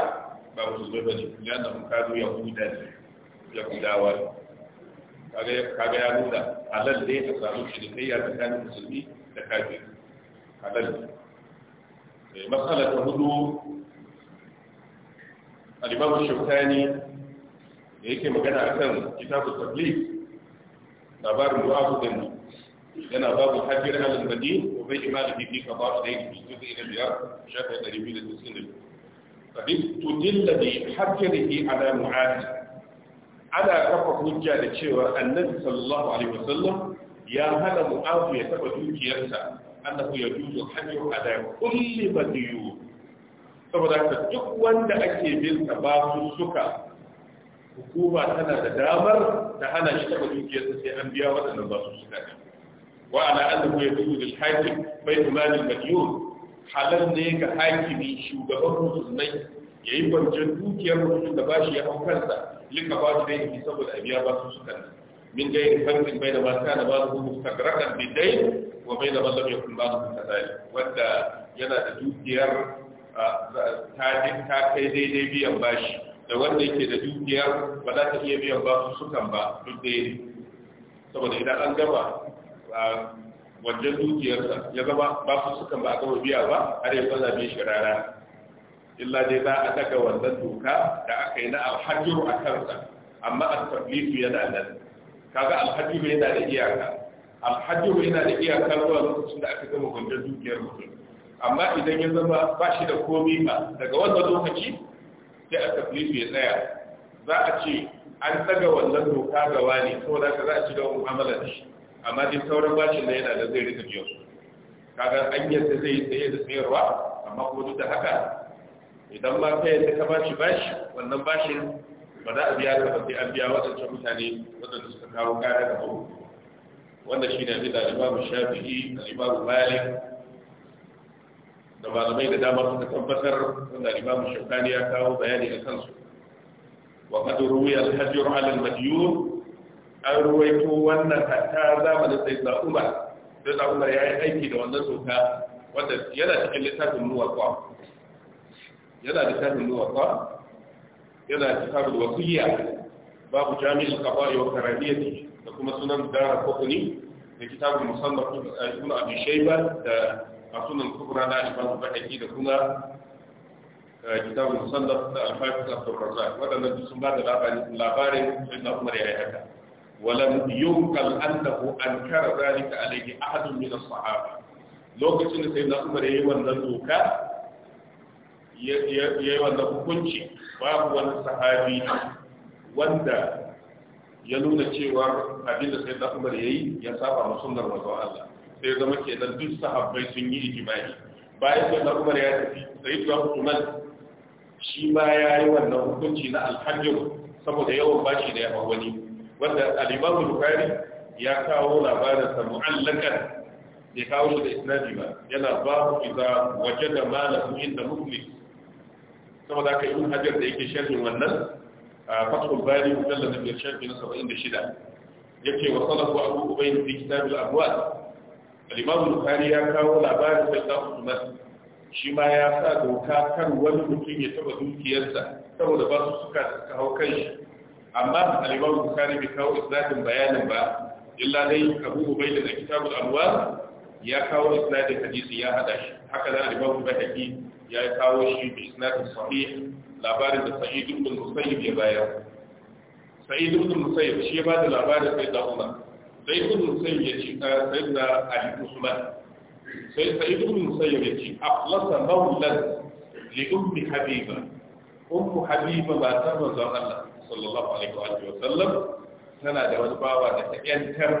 [SPEAKER 1] ba musulmai bane ya na mukadu yahuda ne yahudawa ne kaga ya nuna halal ne a samu ya tsakanin musulmi da kafiri halal ne مسألة هدو الإمام الشوكاني هيك ما كان أكثر كتاب التبليغ دابار مرافو دنو لنا باب الحجر على المدين وفي إماله في قضاء دين في الجزء إلى الجار شافه تريمين التسين فبيب تدل بحجره على معاهد على كفة حجة لتشوى النبي صلى الله عليه وسلم يا هذا معاهد يتبع دوكي يرسى annahu yajuzu hajju ala kulli badiyu saboda haka duk wanda ake bin sa ba su suka hukuma tana da damar da hana shi taba dukiyarsa sai an biya waɗannan ba su suka ne wa ala annahu yajuzu lil hakim baitu malil madiyun halal ne ga hakimi shugaban musulmai yayi barjin dukiyar mutum da bashi ya hau kansa lika ba shi dai saboda a biya ba su suka ne min gairi farkin bai da ba kana ba su mustagrakan bidai wa bai da malam yakun ba ta kadai wanda yana da dukiyar ta kai daidai biyan bashi da wanda yake da dukiyar ba za ta iya biyan ba su sukan ba duk da saboda idan an gaba wajen dukiyarsa ya zama ba su sukan ba a gama biya ba har ya kwana biya shi rana illa dai za a daga wannan doka da aka yi na alhajjuru a kansa amma a tablifu yana nan kaga alhajjuru yana da iyaka alhajju yana da iyaka zuwa lokacin da aka gama gwanjar dukiyar mutum amma idan ya zama ba shi da komi ba daga wannan lokaci sai fi su ya tsaya za a ce an tsaga wannan doka gawa ne saboda ka za a ci gaba mu'amala da shi amma dai sauran bashin da yana da zai rika biyan su kaga an yadda zai yi tsaye da tsayarwa amma kuma duk da haka idan ma ka yadda ka bashi bashi wannan bashin ba za a biya ka ba sai an biya waɗancan mutane waɗanda suka kawo kare da hau wanda shi ne abin da alimamu shafi'i alimamu malik da malamai da dama suka tabbatar wanda alimamu shafani ya kawo bayani a kansu wa kad ruwiya al-hajr 'ala al-madyun an ruwaito wannan hatta zamanin sai da umar sai da umar yayi aiki da wannan soka wanda yana cikin littafin muwatta yana littafin muwatta yana kitabul wasiya babu jami'ul qada'i wa karahiyati kuma sunan dara kokuni da kitabun musamman ibn abi shayba da sunan kubra na ibn bakaki da kuma eh, kitabun musamman da al da abdul razzaq wadannan sun ba da labarin labarin ibn umar yayi haka ولم ينقل أنه أنكر ذلك عليه أحد من الصحابة لوكتين سيدنا عمر يوان ذلك يوان ذلك كنشي باب وان صحابي وان ya nuna cewa abin da sai da umar ya yi ya saba ma sunnar manzon Allah sai zama kenan duk sahabbai sun yi ijimai bayan sai da umar ya tafi sai da shi ma ya yi wannan hukunci na alhajjin saboda yawan bashi da yawa wani wanda al-Imam Bukhari ya kawo labarin sa mu'allakan bai kawo shi da isnadi ba yana babu idza wajada malahu inda muflis saboda haka ibn Hajar da yake sharhin wannan fathul bari mujallal na biyar shafi na saba'in da shida yake wa salahu abu ubayn fi kitabul abwal al-imam bukhari ya kawo labarin sayyidina usman shi ma ya sa doka kan wani mutum ya taba dukiyarsa saboda ba su suka suka hau shi amma al bukhari bai kawo bayanin ba ya kawo isnadin hadisi ya hada shi haka da al bukhari ya kawo shi bi isnadin sahih labarin da sa'id ibn musayyib ya bayar sa'id ibn musayyib shi ya bada labarin sai da Umar sai ibn musayyib ya ce eh, sai da Ali Usman sai sa'id ibn musayyib ya ce aflasa mawlan li ummi habiba ummu habiba ba ta manzon Allah sallallahu alaihi wa sallam tana da wani bawa da ta yantar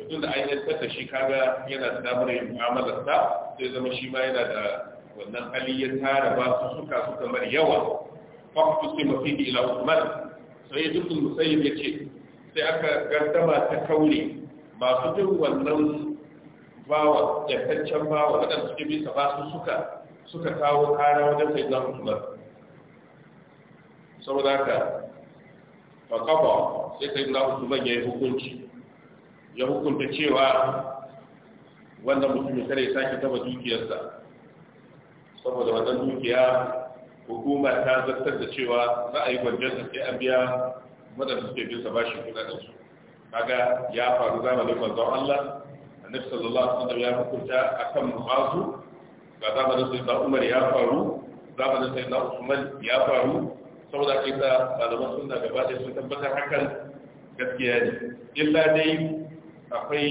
[SPEAKER 1] mutum da an yantar da shi kaga yana da damar yin mu'amalar ta sai zama shi ma yana da wannan hali ya tara ba su suka su kamar yawa faƙtu sai mafihi ila usman sai dukkan musayyib ya ce sai aka gardama ta kaure masu bin wannan bawa yantaccen bawa waɗanda suke bisa ba su suka suka kawo kara wajen sai zan ba saboda ka faƙaba sai sai zan usman ya yi hukunci ya hukunta cewa wannan mutumin ya sake taba dukiyarsa saboda wannan dukiya hukuma ta zartar da cewa za a yi gwanjar sai an biya waɗanda suke bin sa bashi kuɗaɗen su kaga ya faru zamanin manzon Allah annabi sallallahu alaihi wasallam ya hukunta akan mu'azu ga zamanin sai da Umar ya faru zamanin sai da Usman ya faru saboda kai da malaman sunna gaba da sun tabbatar hakan gaskiya ne illa dai akwai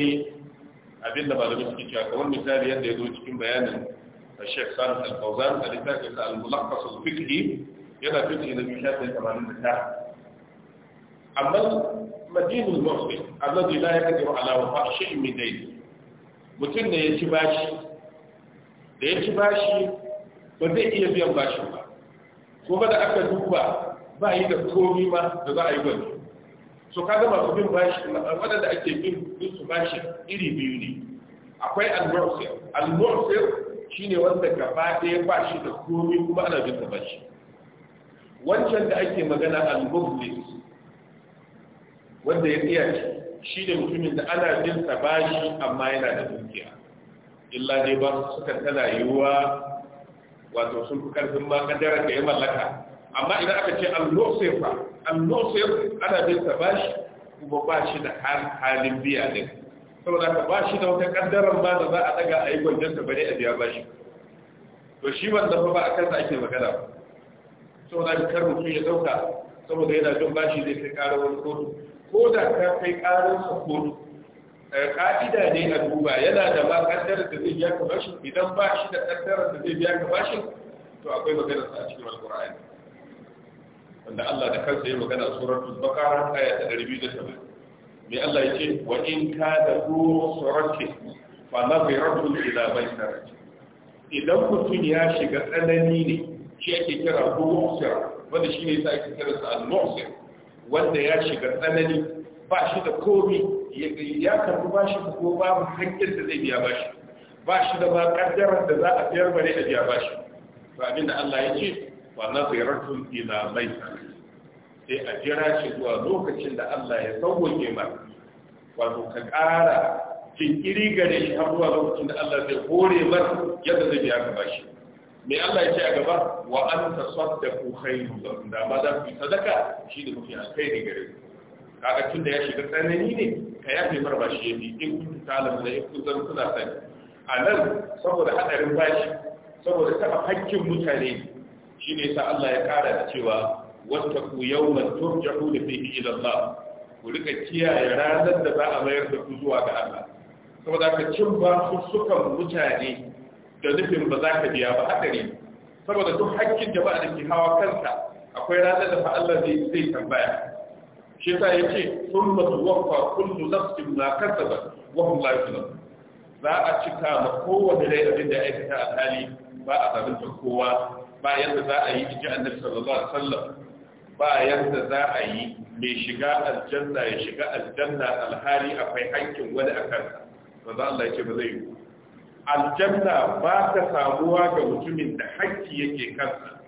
[SPEAKER 1] abin da malamin suke cewa kamar misali yadda ya zo cikin bayanin Sheikh Salih Al-Fawzan a littafin sa al-Mulaqqas al-Fiqhi yana fiqhi na shafin 89 amma madinul mawsi alladhi la yaqdiru ala wafa' mutum ne ya ci bashi da ya ci bashi ba zai iya biyan bashin ba kuma da aka duba ba yi da komi ba da za a yi gwani so ka masu bin bashi waɗanda ake bin su bashi iri biyu ne akwai al-mursir Shi ne wanda gaba ɗaya ba shi da komi kuma ana bin ba shi wancan da ake magana al-muflis wanda ya tsaya shi ne mutumin da ana bin sa shi amma yana da dukiya illa dai ba suka tana yiwuwa wato sun fi karfin ma kadara da ya mallaka amma idan aka ce al-nusayfa al-nusayf ana bin sa shi kuma ba shi da halin biya ne. saboda ka ba shi da wata kaddaran ba da za a daga a yi gwanjansa bare a biya ba shi to shi wanda fa ba a kansa ake magana ba saboda ka kar mutum ya dauka saboda yana jin bashi zai kai karar wani kotu ko da ka kai karar sa kotu ka'ida ne a duba yana da ba kaddarar da zai biya ka bashi idan ba shi da kaddarar da zai biya ka bashi to akwai maganar sa a cikin alkur'ani wanda Allah da kansa ya magana suratul baqara aya ta 270 mai Allah yake wa in ka da ruwa surake ba na bai rabu ila bai idan mutum ya shiga tsanani ne shi ake kira ruwa surake wanda shi ne sa ake kira sa al wanda ya shiga tsanani ba shi da komi ya karbi ba shi ko babu hankin da zai biya ba shi ba shi da ba kaddarar da za a biyar bare da biya ba shi to abinda Allah ya ce wa naziratu ila mai sarki sai a jira shi zuwa lokacin da Allah ya sauke maka wato ka ƙara jinkiri gare shi har zuwa lokacin da Allah zai hore mar yadda zai biya gaba shi me Allah ya ce a gaba wa an tasaddaqu khairu lakum da ma za ku yi sadaka shi ne mafi alkhairi gare ku kaga tun da ya shiga tsanani ne ka yafe mar ba shi yafi in kun talam da in kun zan kuna sani a nan saboda hadarin bashi saboda taba hakkin mutane shine sa Allah ya kara da cewa wattaqu yawman turja'una fihi ila Allah ku rika kiyaye ranar da za a mayar da ku zuwa ga Allah saboda ka cin ba sussukan mutane da nufin ba za ka biya ba hadari saboda duk hakkin ba da ke hawa kanka akwai ranar da fa Allah zai zai tambaya shi ta yace thumma tuwaffa kullu nafsin ma kasabat wa hum la yuzlamun za a cika ma kowane dai abin da aikata a hali ba a zabin kowa ba yadda za a yi ji annabi sallallahu alaihi wasallam ba yadda za a yi mai shiga aljanna ya shiga aljanna alhali akwai hankin wani a kansa za Allah ya ba zai yi aljanna ba ta samuwa ga mutumin da hakki yake kansa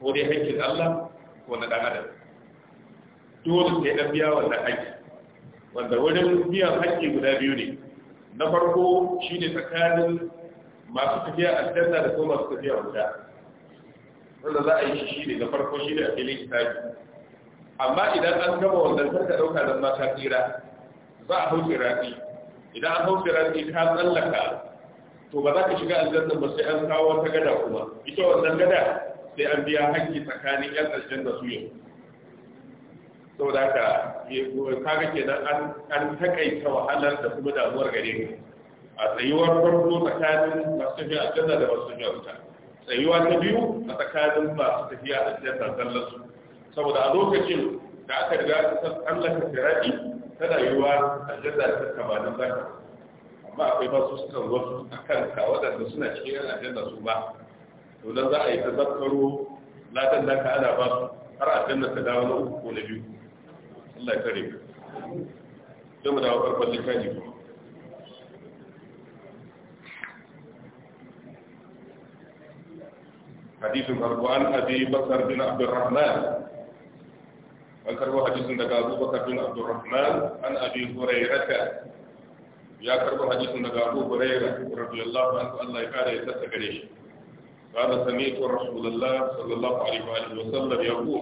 [SPEAKER 1] ko dai hakkin Allah ko na ɗan adam dole sai dan biya wannan hakki wanda wurin biyan haƙƙi guda biyu ne na farko shine tsakanin masu tafiya aljanna da kuma masu tafiya wuta wanda za a yi shi ne da farko shi ne a filin hisabi amma idan an gama wannan sai ka dauka nan mata tsira za a hau tsirati idan an hau tsirati ka tsallaka to ba za ka shiga aljanna ba sai an kawo wata gada kuma ita wannan gada sai an biya hakki tsakanin yan aljanna su yau da haka kaga ke an an takaita wahalar da kuma damuwar gare ni a tsayuwar farko tsakanin masu tafiya aljanna da masu tafiya wuta tsayuwa ta biyu a tsakanin masu tafiya a jiyar su saboda a lokacin da aka riga ta tsallaka firaɗi tana yiwuwa a jaddar ta kamanin zaka amma akwai su suka wasu a kanka wadanda suna cikin yan ajanda su ba to dan za a yi ta zakkaro ladan da ka ana ba su har a janna ta dawo na uku ko na biyu Allah ya kare mu. da wakar dawo farkon littafi hadisin farko an abi bakar bin abdurrahman an karbo hadisin daga abu bakar bin abdurrahman an abi hurairata ya karbo hadisin daga abu huraira radiyallahu anhu Allah ya kare ya tsaka قال سمعت رسول الله صلى الله عليه وآله وسلم يقول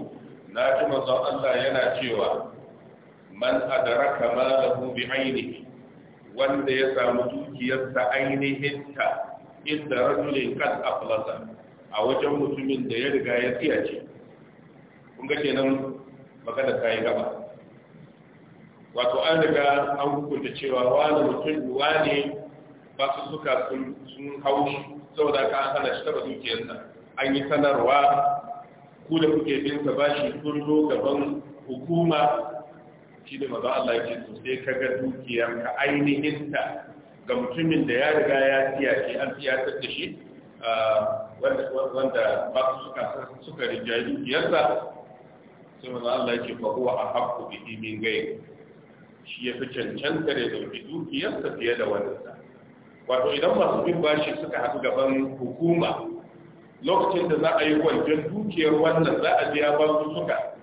[SPEAKER 1] ناجم الله ينا cewa man adraka malahu bi ainihi wanda ya samu dukiyarsa ainihin ta inda rajulin a wajen mutumin da ya riga ya ce kun ga kenan magana ta yi gaba wato an riga an hukunta cewa wani mutum wani ba su suka sun hau shi saboda ka an hana shi taba dukiyarsa an yi sanarwa ku da kuke bin sa ba shi tun zo gaban hukuma shi da maza Allah ya ce sai ka ga dukiyarka ainihin ta ga mutumin da ya riga ya ce an tsiyatar da shi wanda masu suka suka rinjaye biyarsa, sai manzo Allah yake fa a haku da imin gai. shi ya fi cancanta da dauki dukiyarsa fiye da sa wato idan masu bin bashi suka haɗu gaban hukuma lokacin da za a yi wajen dukiyar wannan za a biya su suka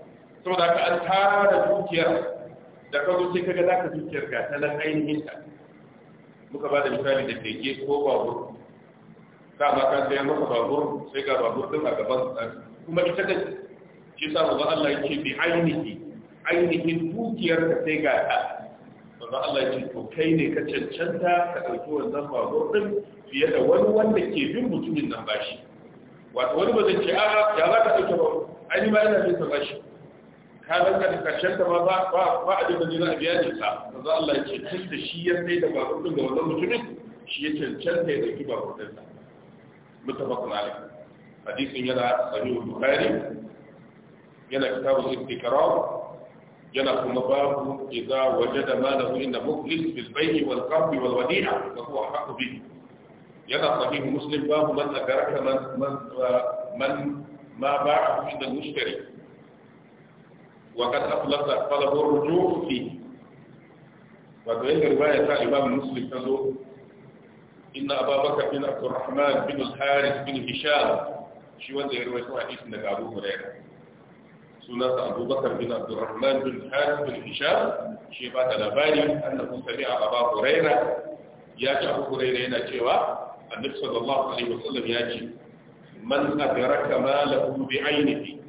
[SPEAKER 1] da ka an tara dukiyar da ka sai kaga ka dukiyar ga ta nan ainihin ta muka ba da misali da keke ko ba. da ba ka sai maka babur sai ga babur din a gaban kuma ita da shi sa ba Allah yake bi ainihi ainihin dukiyar ka sai ga ta ba Allah yake to kai ne ka cancanta ka dauki wannan babur din fiye da wani wanda ke bin mutumin nan bashi wato wani ba zai ce a ya za ka dauke babur ai ma ina bin sa bashi ka zan ka karshen ta ba ba ba a jin da za a biya ne sa ba Allah yake tun da shi ya sai da babur din ga wannan mutumin shi ya cancanta ya dauki babur din sa متفق عليه حديث جنا صحيح البخاري جنا كتاب الاستكرام جنا كما إذا وجد ماله إن مخلص بالبيع والقرب والوديعة فهو حق به جنا صحيح مسلم باب من أدرك من, من, من ما باعه عند المشتري وقد أفلس فله الرجوع فيه وكذلك رواية الإمام مسلم تزور inna ababakar bin abdurrahman bin al-haris bin hisham shi wanda ya rawaito hadisin daga abu hurairah sunansa abubakar bin abdurrahman bin haris bin hisham shi ba da labari annahu sami'a abu hurairah ya ce abu hurairah yana cewa annabi sallallahu alaihi wasallam ya ce man adraka malahu bi ainihi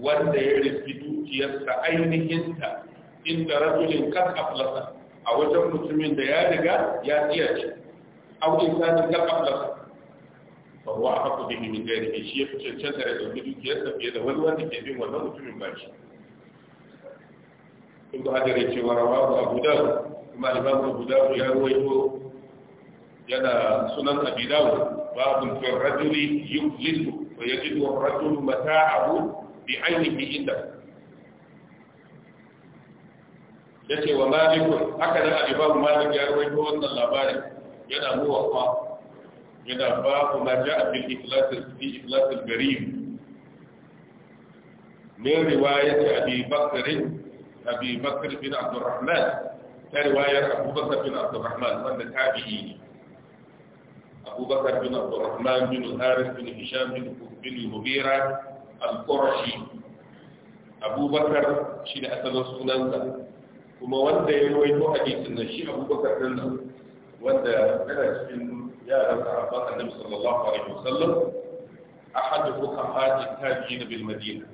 [SPEAKER 1] wanda ya riski dukiyarsa ainihinta inda rajulin kan aflasa a wajen mutumin da ya riga ya tsiyace aw insanin ta aflas fa huwa ahqqu bihi min ghairihi shi ya fi cancanta da dauki dukiyarsa fiye da wani wanda ke bin wannan mutumin bashi ibnu hajar ya ce wa rawahu abu kuma imam abu ya ruwaito yana sunan abi dawud babun fi rajuli yuflisu wa yajidu rajulu mata'ahu bi ainihi inda yace wa malikun haka da al-imam malik ya rawaito wannan labarin جدا muwafa yana babu ma ja'a fil iflas fi iflas al gharib من رواية أبي بكر أبي بكر بن عبد الرحمن رواية أبو بكر بن عبد الرحمن من التابعين أبو بكر بن عبد الرحمن بن الحارث بن هشام بن بن المغيرة القرشي أبو بكر شين أسد سنان وما وانت يروي حديث النشي أبو بكر بن wanda yana cikin yaran sahabban annabi sallallahu alaihi wasallam ahadu fuqaha tabi'in bil madina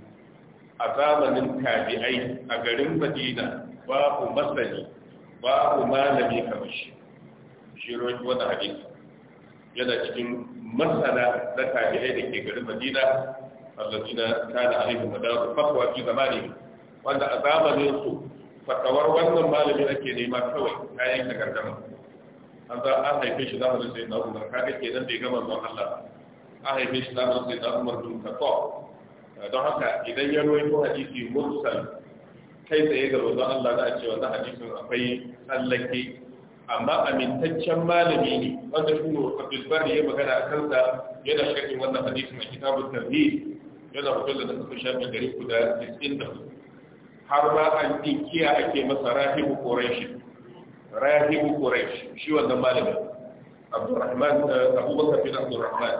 [SPEAKER 1] a zamanin tabi'ai a garin madina ba ku masani ba ku malami kamar shi shi roki wani hadisi yana cikin masana na tabi'ai da ke garin madina allazina kana alaihi madaru fatwa fi zamani wanda a zamanin su fatawar wannan malami ake nema kawai kayan takardama an za a haife shi zamanin sai na umar kaga kenan bai gama zuwa Allah a haife shi zamanin sai na umar dun ka don haka idan ya ruwaito hadisi mursal kai tsaye ga manzon Allah za a ce wannan hadisin akwai tsallake amma amintaccen malami ne wanda shi ne Abdul Bari ya magana a kansa yana sharhin wannan hadisin a kitabun Tarhib yana fitar da suka shafi gari guda 90 har ma an dinkiya ake masa rahibu Quraish rahibu quraish shi wannan malamin abdurrahman eh, abubakar bin abdurrahman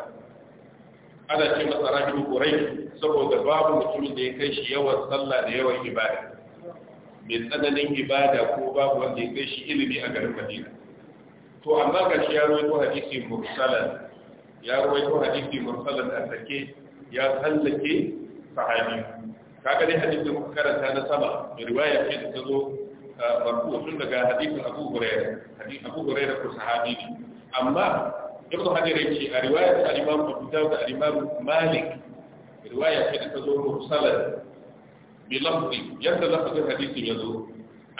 [SPEAKER 1] ana ce masa rahibu quraish saboda babu mutumin da ya kai shi yawan sallah da yawan ibada mai tsananin ibada ko babu wanda ya kai shi ilimi a garin madina to amma ga shi ya rawaito hadisi mursalan ya rawaito hadisi mursalan a sake ya tsallake sahabi kaga dai hadisin muka karanta na sama riwaya ce da ta zo farko tun daga hadisin Abu Hurairah hadisin Abu Hurairah ko sahabi ne amma Ibn Hajar yake a riwayar ta Imam Abu Dawud da Imam Malik riwaya ce da ta zo mursalan bi lafzi yadda lafzin hadisin ya zo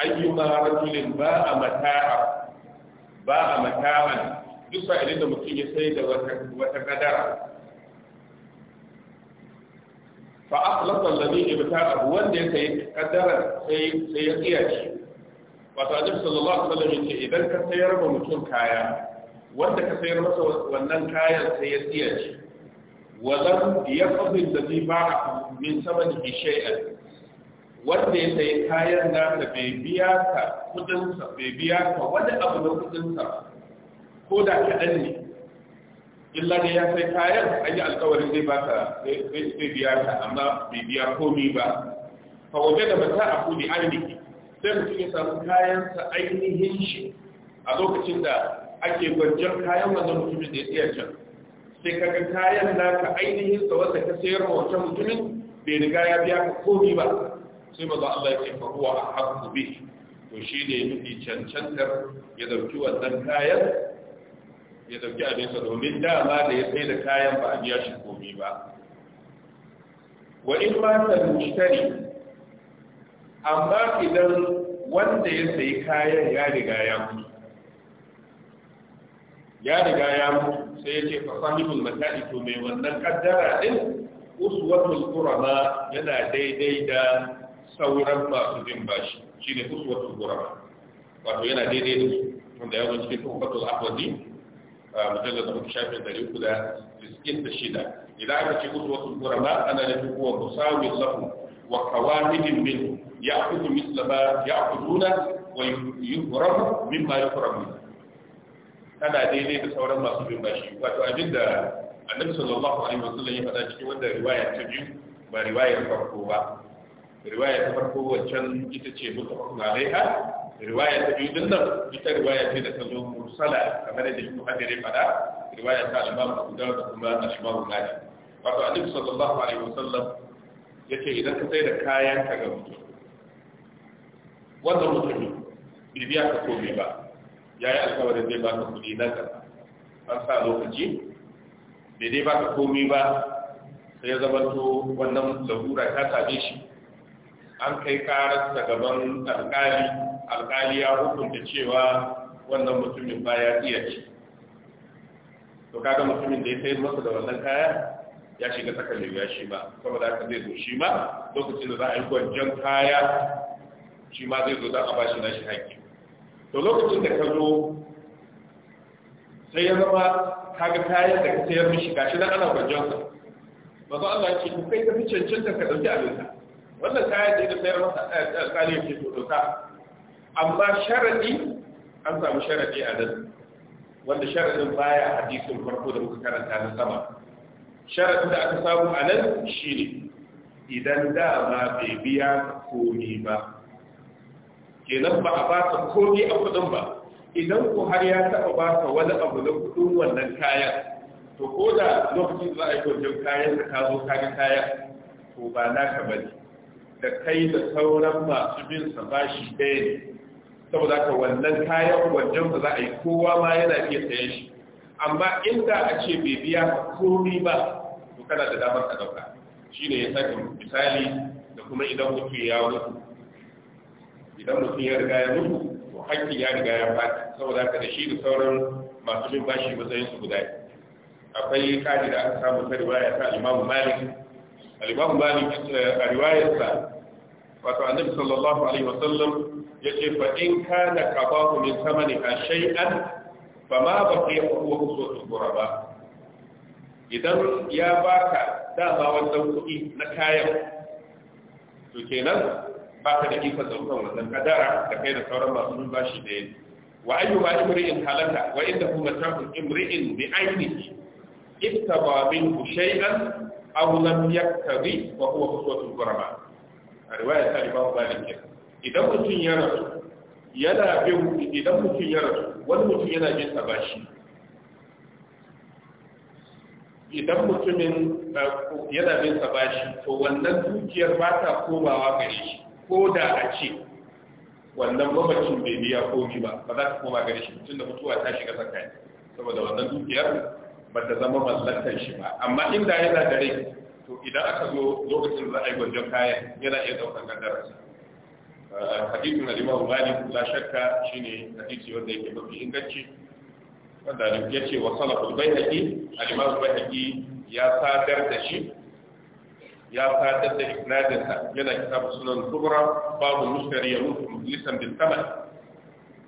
[SPEAKER 1] ayyuma rajulin ba'a mata'a ba'a mata'an duk sa'ilin da mutum ya sai da wata kadara fa aqlata alladhi ibta'ahu wanda ya kai kadara sai sai ya kiyaye wato annabi sallallahu alaihi wasallam yace idan ka sayar ma mutum kaya wanda ka sayar masa wannan kayan sai ya siya shi wa lam yaqdi alladhi ba'a min samanihi shay'an wanda ya sayi kayan nasa bai biya ka kudin sa ka wani abu na kudin sa ko da kaɗan ne illa ne ya sai kayan an yi alkawarin zai baka zai biya ka amma bai biya komi ba fa wajen da mata a kudi ainihi sai mutum ya samu kayansa ainihin shi a lokacin da ake gwajen kayan wanda mutumin da ya tsaye can sai kaga kayan ka ainihin sa wanda ka sayar wa wancan mutumin bai riga ya biya ka komi ba sai ba za Allah ya ce fa a ahabbu bi to ne nufi cancantar ya dauki wannan kayan ya dauki abin sa domin dama da ya sai da kayan ba a biya shi komi ba wa in ma ta mushtari amma idan wanda ya sayi kayan ya riga ya mutu ya riga ya mutu sai ya ce fa sahibul mata'i to mai wannan kaddara din uswatul qurama yana daidai da sauran masu jin bashi shine uswatul qurama wato yana daidai da su wanda ya zo cikin tuhfatul ahwazi mujallad da mutum shafin dari uku da tiskin da shida idan aka ce uswatul qurama ana da kuwa musawil lahu wa kawamidin minhu ya'khudhu mithla ma ya'khuduna wa yuhramu mimma yuhramuna kana daidai da sauran masu bin bashi wato abinda annabi sallallahu alaihi wasallam ya faɗa cikin wanda riwaya ta biyu ba riwayar farko ba riwaya ta farko wancan ita ce muka hukun alaiha riwaya ta biyu dinnan ita riwaya ce da ta zo mursala kamar da shi muhaddiri faɗa riwaya ta al-imam Abu da kuma wato idan ka da kayan wannan mutumi bai biya ka komai ba ya yi alkawarin zai baka kuɗi na ka an sa lokaci bai dai baka komai ba sai ya zama to wannan larura ta same shi an kai karar da gaban alkali alkali ya hukunta cewa wannan mutumin ba ya iya ci to kaga mutumin da ya sayar masa da wannan kaya ya shiga saka mai ya shi ba saboda haka zai zo shi ma lokacin da za a yi gwajen kaya shi ma zai zo don a bashi nashi haƙƙi to lokacin da ka zo sai ya zama kaga kayan da ka sayar mishi gashi na ana gwajon sa mazo Allah ce ku kai ka fi cancanta ka ɗauki abin sa wannan kayan da ya sayar masa eh, alƙali ya ce to doka amma sharadi an samu sharadi a nan wanda sharadin baya hadisin farko da muka karanta na sama sharadin da aka samu a nan shine idan dama bai biya komi ba kenan ba a baka komai a kudin ba idan ku har ya taba baka wani abu na kudin wannan kayan to ko da lokacin za a yi wajen kayan da ka zo kayan kayan to ba na ka bari. da kai da sauran masu bin sa ba shi ɗaya ne saboda ka wannan kayan wajen da za a yi kowa ma yana iya saye shi amma inda a ce bai biya komi ba to kana da damar ka dauka shine ya sake misali da kuma idan mutum ya mutu idan mutum ya riga ya mutu to hakki ya riga ya fadi saboda haka da shi da sauran masu bin bashi matsayin su guda akwai kadi da aka samu ta riwaya ta imamu malik al malik eh, a riwayarsa wato annabi sallallahu alaihi wasallam yace fa in kana qabahu min samani ka shay'an fa ma baqiya fa su usul ba. idan ya baka dama wannan kuɗi na kayan to kenan ba ka da ikon daukan wannan kadara da kai da sauran masu numfashi da yanzu wa ayyu ma imri'in halaka wa inda kuma tafu imri'in bi ainihi ittaba minhu shay'an aw lam yaktabi wa huwa khuswatul ghurama a riwaya ta Imam Malik idan mutum ya rasu yana bin idan mutum ya rasu wani mutum yana bin sa bashi idan mutumin eh, yana bin sa bashi to wannan dukiyar ba ta komawa gare shi ko da a ce wannan mamacin bai biya komi ba ba za ka koma gare shi tun da mutuwa ta shiga tsakani saboda wannan dukiyar ba ta zama mallakar shi ba amma inda yana da rai to idan aka zo lokacin da za a yi gwajin kaya yana iya ɗaukar kaddararsa eh, hadisin na imam Malik la shakka shine hadisi wanda yake mafi inganci wanda ya ce wa haƙi bayhaqi al bai haƙi ya sadar da shi يا فاتتك نادرها من كتاب السنن الكبرى بعض المشتري يموت مجلسا بالثمن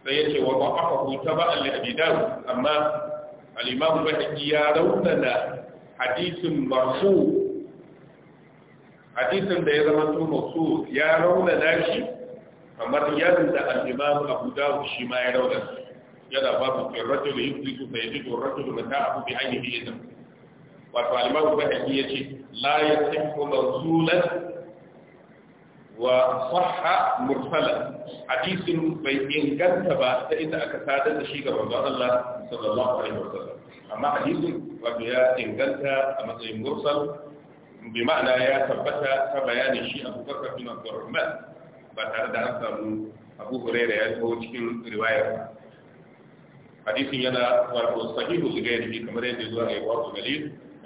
[SPEAKER 1] فيأتي وضعفه تبعا لأبي داود أما الإمام بهجي يا روتنا حديث مرفوع حديث دائرة مرفوع يا رونا ناشي فمريم الإمام أبو داود شما يا رونا يا الرجل يفلس فيجد الرجل متاعه بعينه إذا wato al-imam ya ce la yasihu mawzulan wa sahha mursalan hadisin bai inganta ba ta inda aka sadar da shi ga manzon Allah sallallahu alaihi wasallam amma hadisin wato ya inganta a matsayin mursal bi ma'ana ya tabbata ta bayanin shi Abu Bakar bin Abdurrahman ba tare da an samu Abu Hurairah ya zo cikin riwayar hadisin yana wato sahihu ligayri kamar yadda zuwa ga Ibn Galil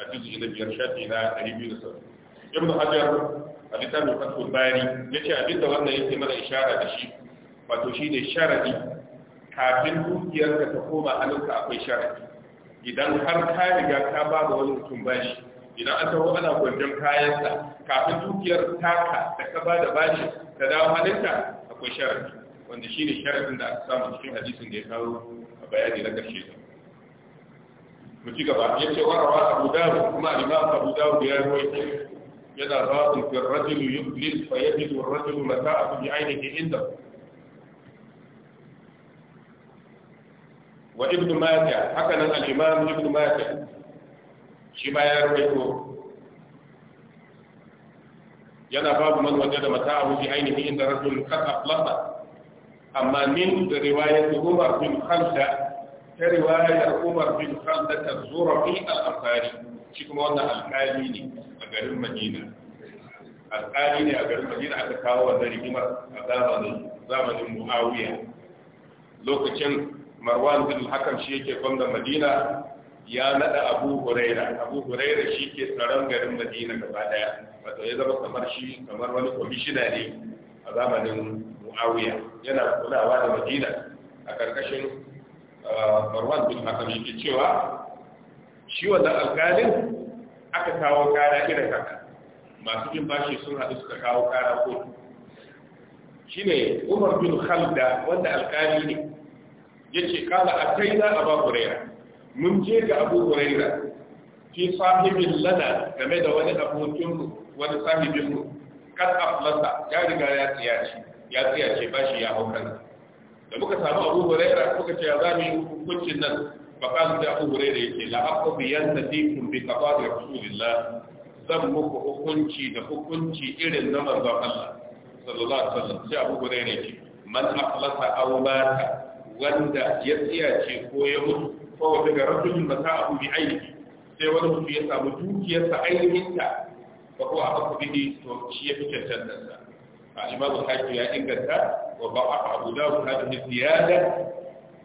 [SPEAKER 1] a cikin da biyar shafi na ɗari biyu da sauran ibn hajar a littafin fatul bari ya ce abinda wannan yake mana ishara da shi wato shi ne sharadi kafin dukiyarka ta koma hannunka akwai sharadi idan har ka riga ka ba da wani mutum bashi idan an taho ana gwanjon kayansa kafin dukiyar taka da ka ba da bashi ta dawo hannunka akwai sharadi wanda shi ne sharadin da aka samu cikin hadisin da ya kawo a bayani na ƙarshe mu ci gaba ya ce wa rawa abu dawud kuma al-imam abu dawud ya rawaito yana babun fi rajul yuflis fa yajidu ar-rajul mata'ahu bi ainihi inda wa ibn majah haka nan al-imam ibn majah shi ma ya rawaito yana babu man waje da mata'ahu bi ainihi inda rajul qad aflaha amma min riwayat umar bin khalda ta riwayar Umar bin Khalid az-Zurafi al-Ansari shi kuma wannan alƙali ne a garin Madina alƙali ne a garin Madina aka kawo wannan rigimar a zamanin zamanin Muawiya lokacin Marwan bin Hakam shi yake gwamnan Madina ya nada Abu Huraira Abu Huraira shi ke tsaron garin Madina gaba daya wato ya zama kamar shi kamar wani kwamishina ne a zamanin Muawiya yana kulawa da Madina a ƙarƙashin marwan bin hakam yake cewa shi wannan alƙalin aka kawo kara irin haka masu yin bashi sun haɗu suka kawo kara kotu shi ne umar bin halda wanda alƙali ne ya ce kala a kai na ba kuraya mun je ga abu kuraya fi sahibin lana game da wani abokin wani sahibin mu kan aflasa ya riga ya tsiyace ya tsiyace bashi ya hau kansa da muka samu abu huraira muka ce ya zamu yi hukuncin nan ba kan da abu da yake la aqdi yantikum bi qada rasulillah zan muku hukunci da hukunci irin na manzon Allah sallallahu alaihi wasallam sai abu huraira yake man aflasa aw mata wanda ya tsiyace ko ya mutu ko wata ga rajulun mata abu bi aiki sai wani mutu ya samu dukiyarsa ta ba ko a haka bihi to shi ya fi cancantar malamar hajji ya inganta wa ba a abu da ku hajji ne ziyada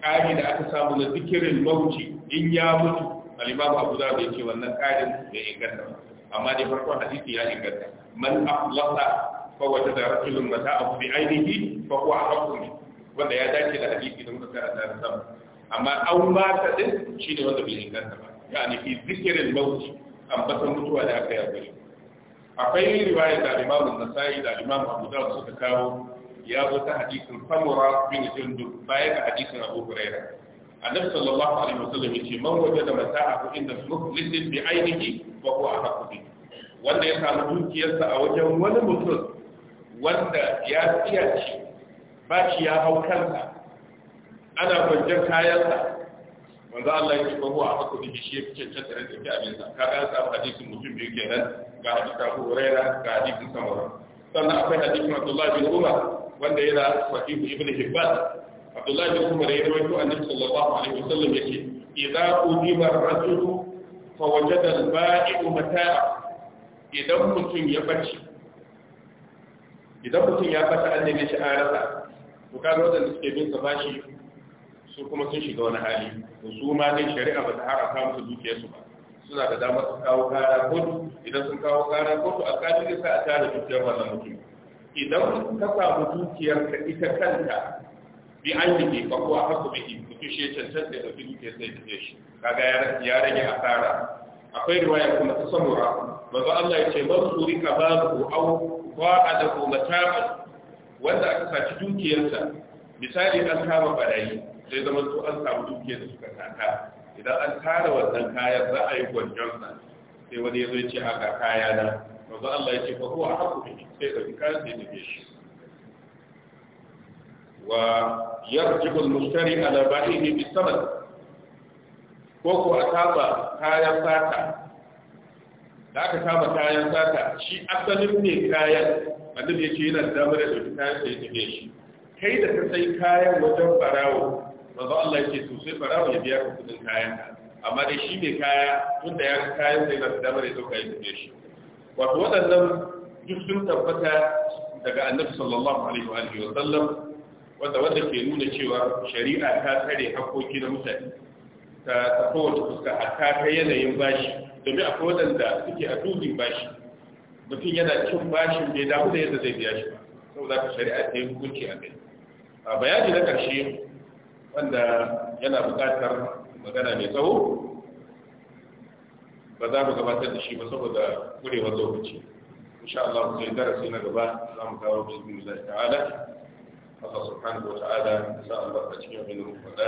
[SPEAKER 1] ƙari da aka samu da zikirin bauchi in ya mutu malamar abu da ya ce wannan ƙarin ya inganta amma dai farko hadisi ya inganta man aflasa fa wata da rakilun mata abu bi ainihi fa kuwa a haku ne wanda ya dace da hadisi da muka karanta na amma an mata din ne wanda bai inganta ba yani fi zikirin bauchi an fasa mutuwa da aka yi abu akwai riwaya da Imam Nasa'i da Imam Abu Dawud suka kawo ya zo ta hadisin Samura bin Jundub baya ga hadisin Abu Hurairah Annabi sallallahu alaihi wasallam yace man wajada mata'ahu inda muflisin bi ainihi wa huwa ahqqu wanda ya samu dukiyarsa a wajen wani mutum wanda ya tsiya ba shi ya hau kansa ana gwanjar kayansa manzo Allah ya ce ko huwa haka da shi yake cancanta da take abin sa kaga an samu hadisin mutum biyu kenan ga hadisin Abu Hurairah ga hadisin Samura sannan akwai hadisin Abdullahi bin Umar wanda yana sahihu Ibn Hibban Abdullahi bin Umar ya rawaito annabi sallallahu alaihi wasallam yake idza udima ar-rajulu fa wajada al-ba'i'u mata'a idan mutum ya bace idan mutum ya bace an nemi shi an rasa to kaga wanda suke bin sa bashi su kuma sun shiga wani hali da su ma dai shari'a ba ta harafa musu dukiyarsu ba suna da damar su kawo kara kotu idan sun kawo kara kotu a kafin da sa a tara dukiyar wannan mutum idan ka samu dukiyar ka ita kanta bi an yi ke ko a haku biki mutum shi ya cancanta ya ɗauki dukiyar sai ta shi kaga ya rage asara akwai riwaya kuma ta samura manzo Allah ya ce ba surika babu au wa'adahu mata'an wanda aka saci dukiyarsa misali an kama barayi sai zama su an samu dukiya da suka kaka idan an tara wannan kayan za a yi gwanjon sa sai wani ya zo ce haka kaya na manzo Allah ya ce fa huwa haku bi sai da kayan da yake shi wa yarjibu al-mushtari labari ne bi sabab ko ko a kama kayan sata da aka kama kayan sata shi asalin ne kayan annabi ce yana damar da kayan sai ya tafi shi kai da ka sai kayan wajen barawo manzo Allah yake to sai barawo ya biya ka kudin kayan amma dai shi mai kaya tunda ya ga kayan sai ba su damar ya dauka ya biya shi wato waɗannan duk sun tabbata daga annabi sallallahu alaihi wa alihi sallam wanda wanda ke nuna cewa shari'a ta tare hakoki na mutane ta kowace fuska a ta yanayin bashi domin akwai waɗanda suke a dubin bashi mutum yana cin bashin bai damu da yadda zai biya shi ba saboda ka shari'a ta yi hukunci a kai a bayani na ƙarshe wanda yana buƙatar magana mai tsawo ba za mu gabatar da shi ba saboda kurewar lokaci insha Allah mu sai darasi na gaba za mu kawo bi bismi Allah ta'ala Allah subhanahu wa ta'ala insha Allah a cikin abin da faɗa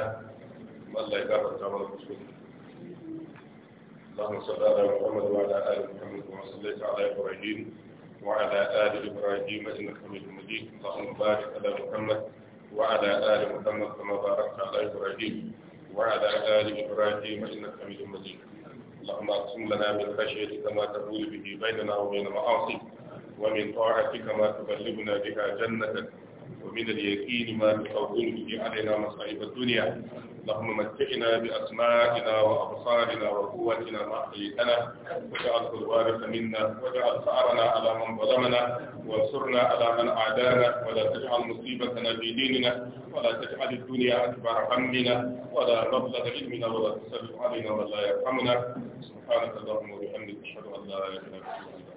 [SPEAKER 1] Allah ya gafarta mana kuskure اللهم صل على wa وعلى ال محمد wa صليت على ابراهيم وعلى ال ابراهيم انك حميد مجيد اللهم بارك على محمد وعلى آل محمد كما باركت على إبراهيم وعلى آل إبراهيم إنك حميد مجيد اللهم اقسم لنا من خشيتك ما تقول به بيننا وبين معاصيك ومن طاعتك ما تبلغنا بها جنتك ومن اليقين ما تحول به علينا مصائب الدنيا اللهم متعنا بأسمائنا وأبصارنا وقوتنا ما أحييتنا واجعله الوارث منا واجعل ثأرنا على من ظلمنا وانصرنا على من أعدانا ولا تجعل مصيبتنا في ديننا ولا تجعل الدنيا أكبر همنا ولا مبلغ علمنا ولا تسلط علينا ولا يرحمنا سبحانك اللهم وبحمدك أشهد أن لا إله إلا أنت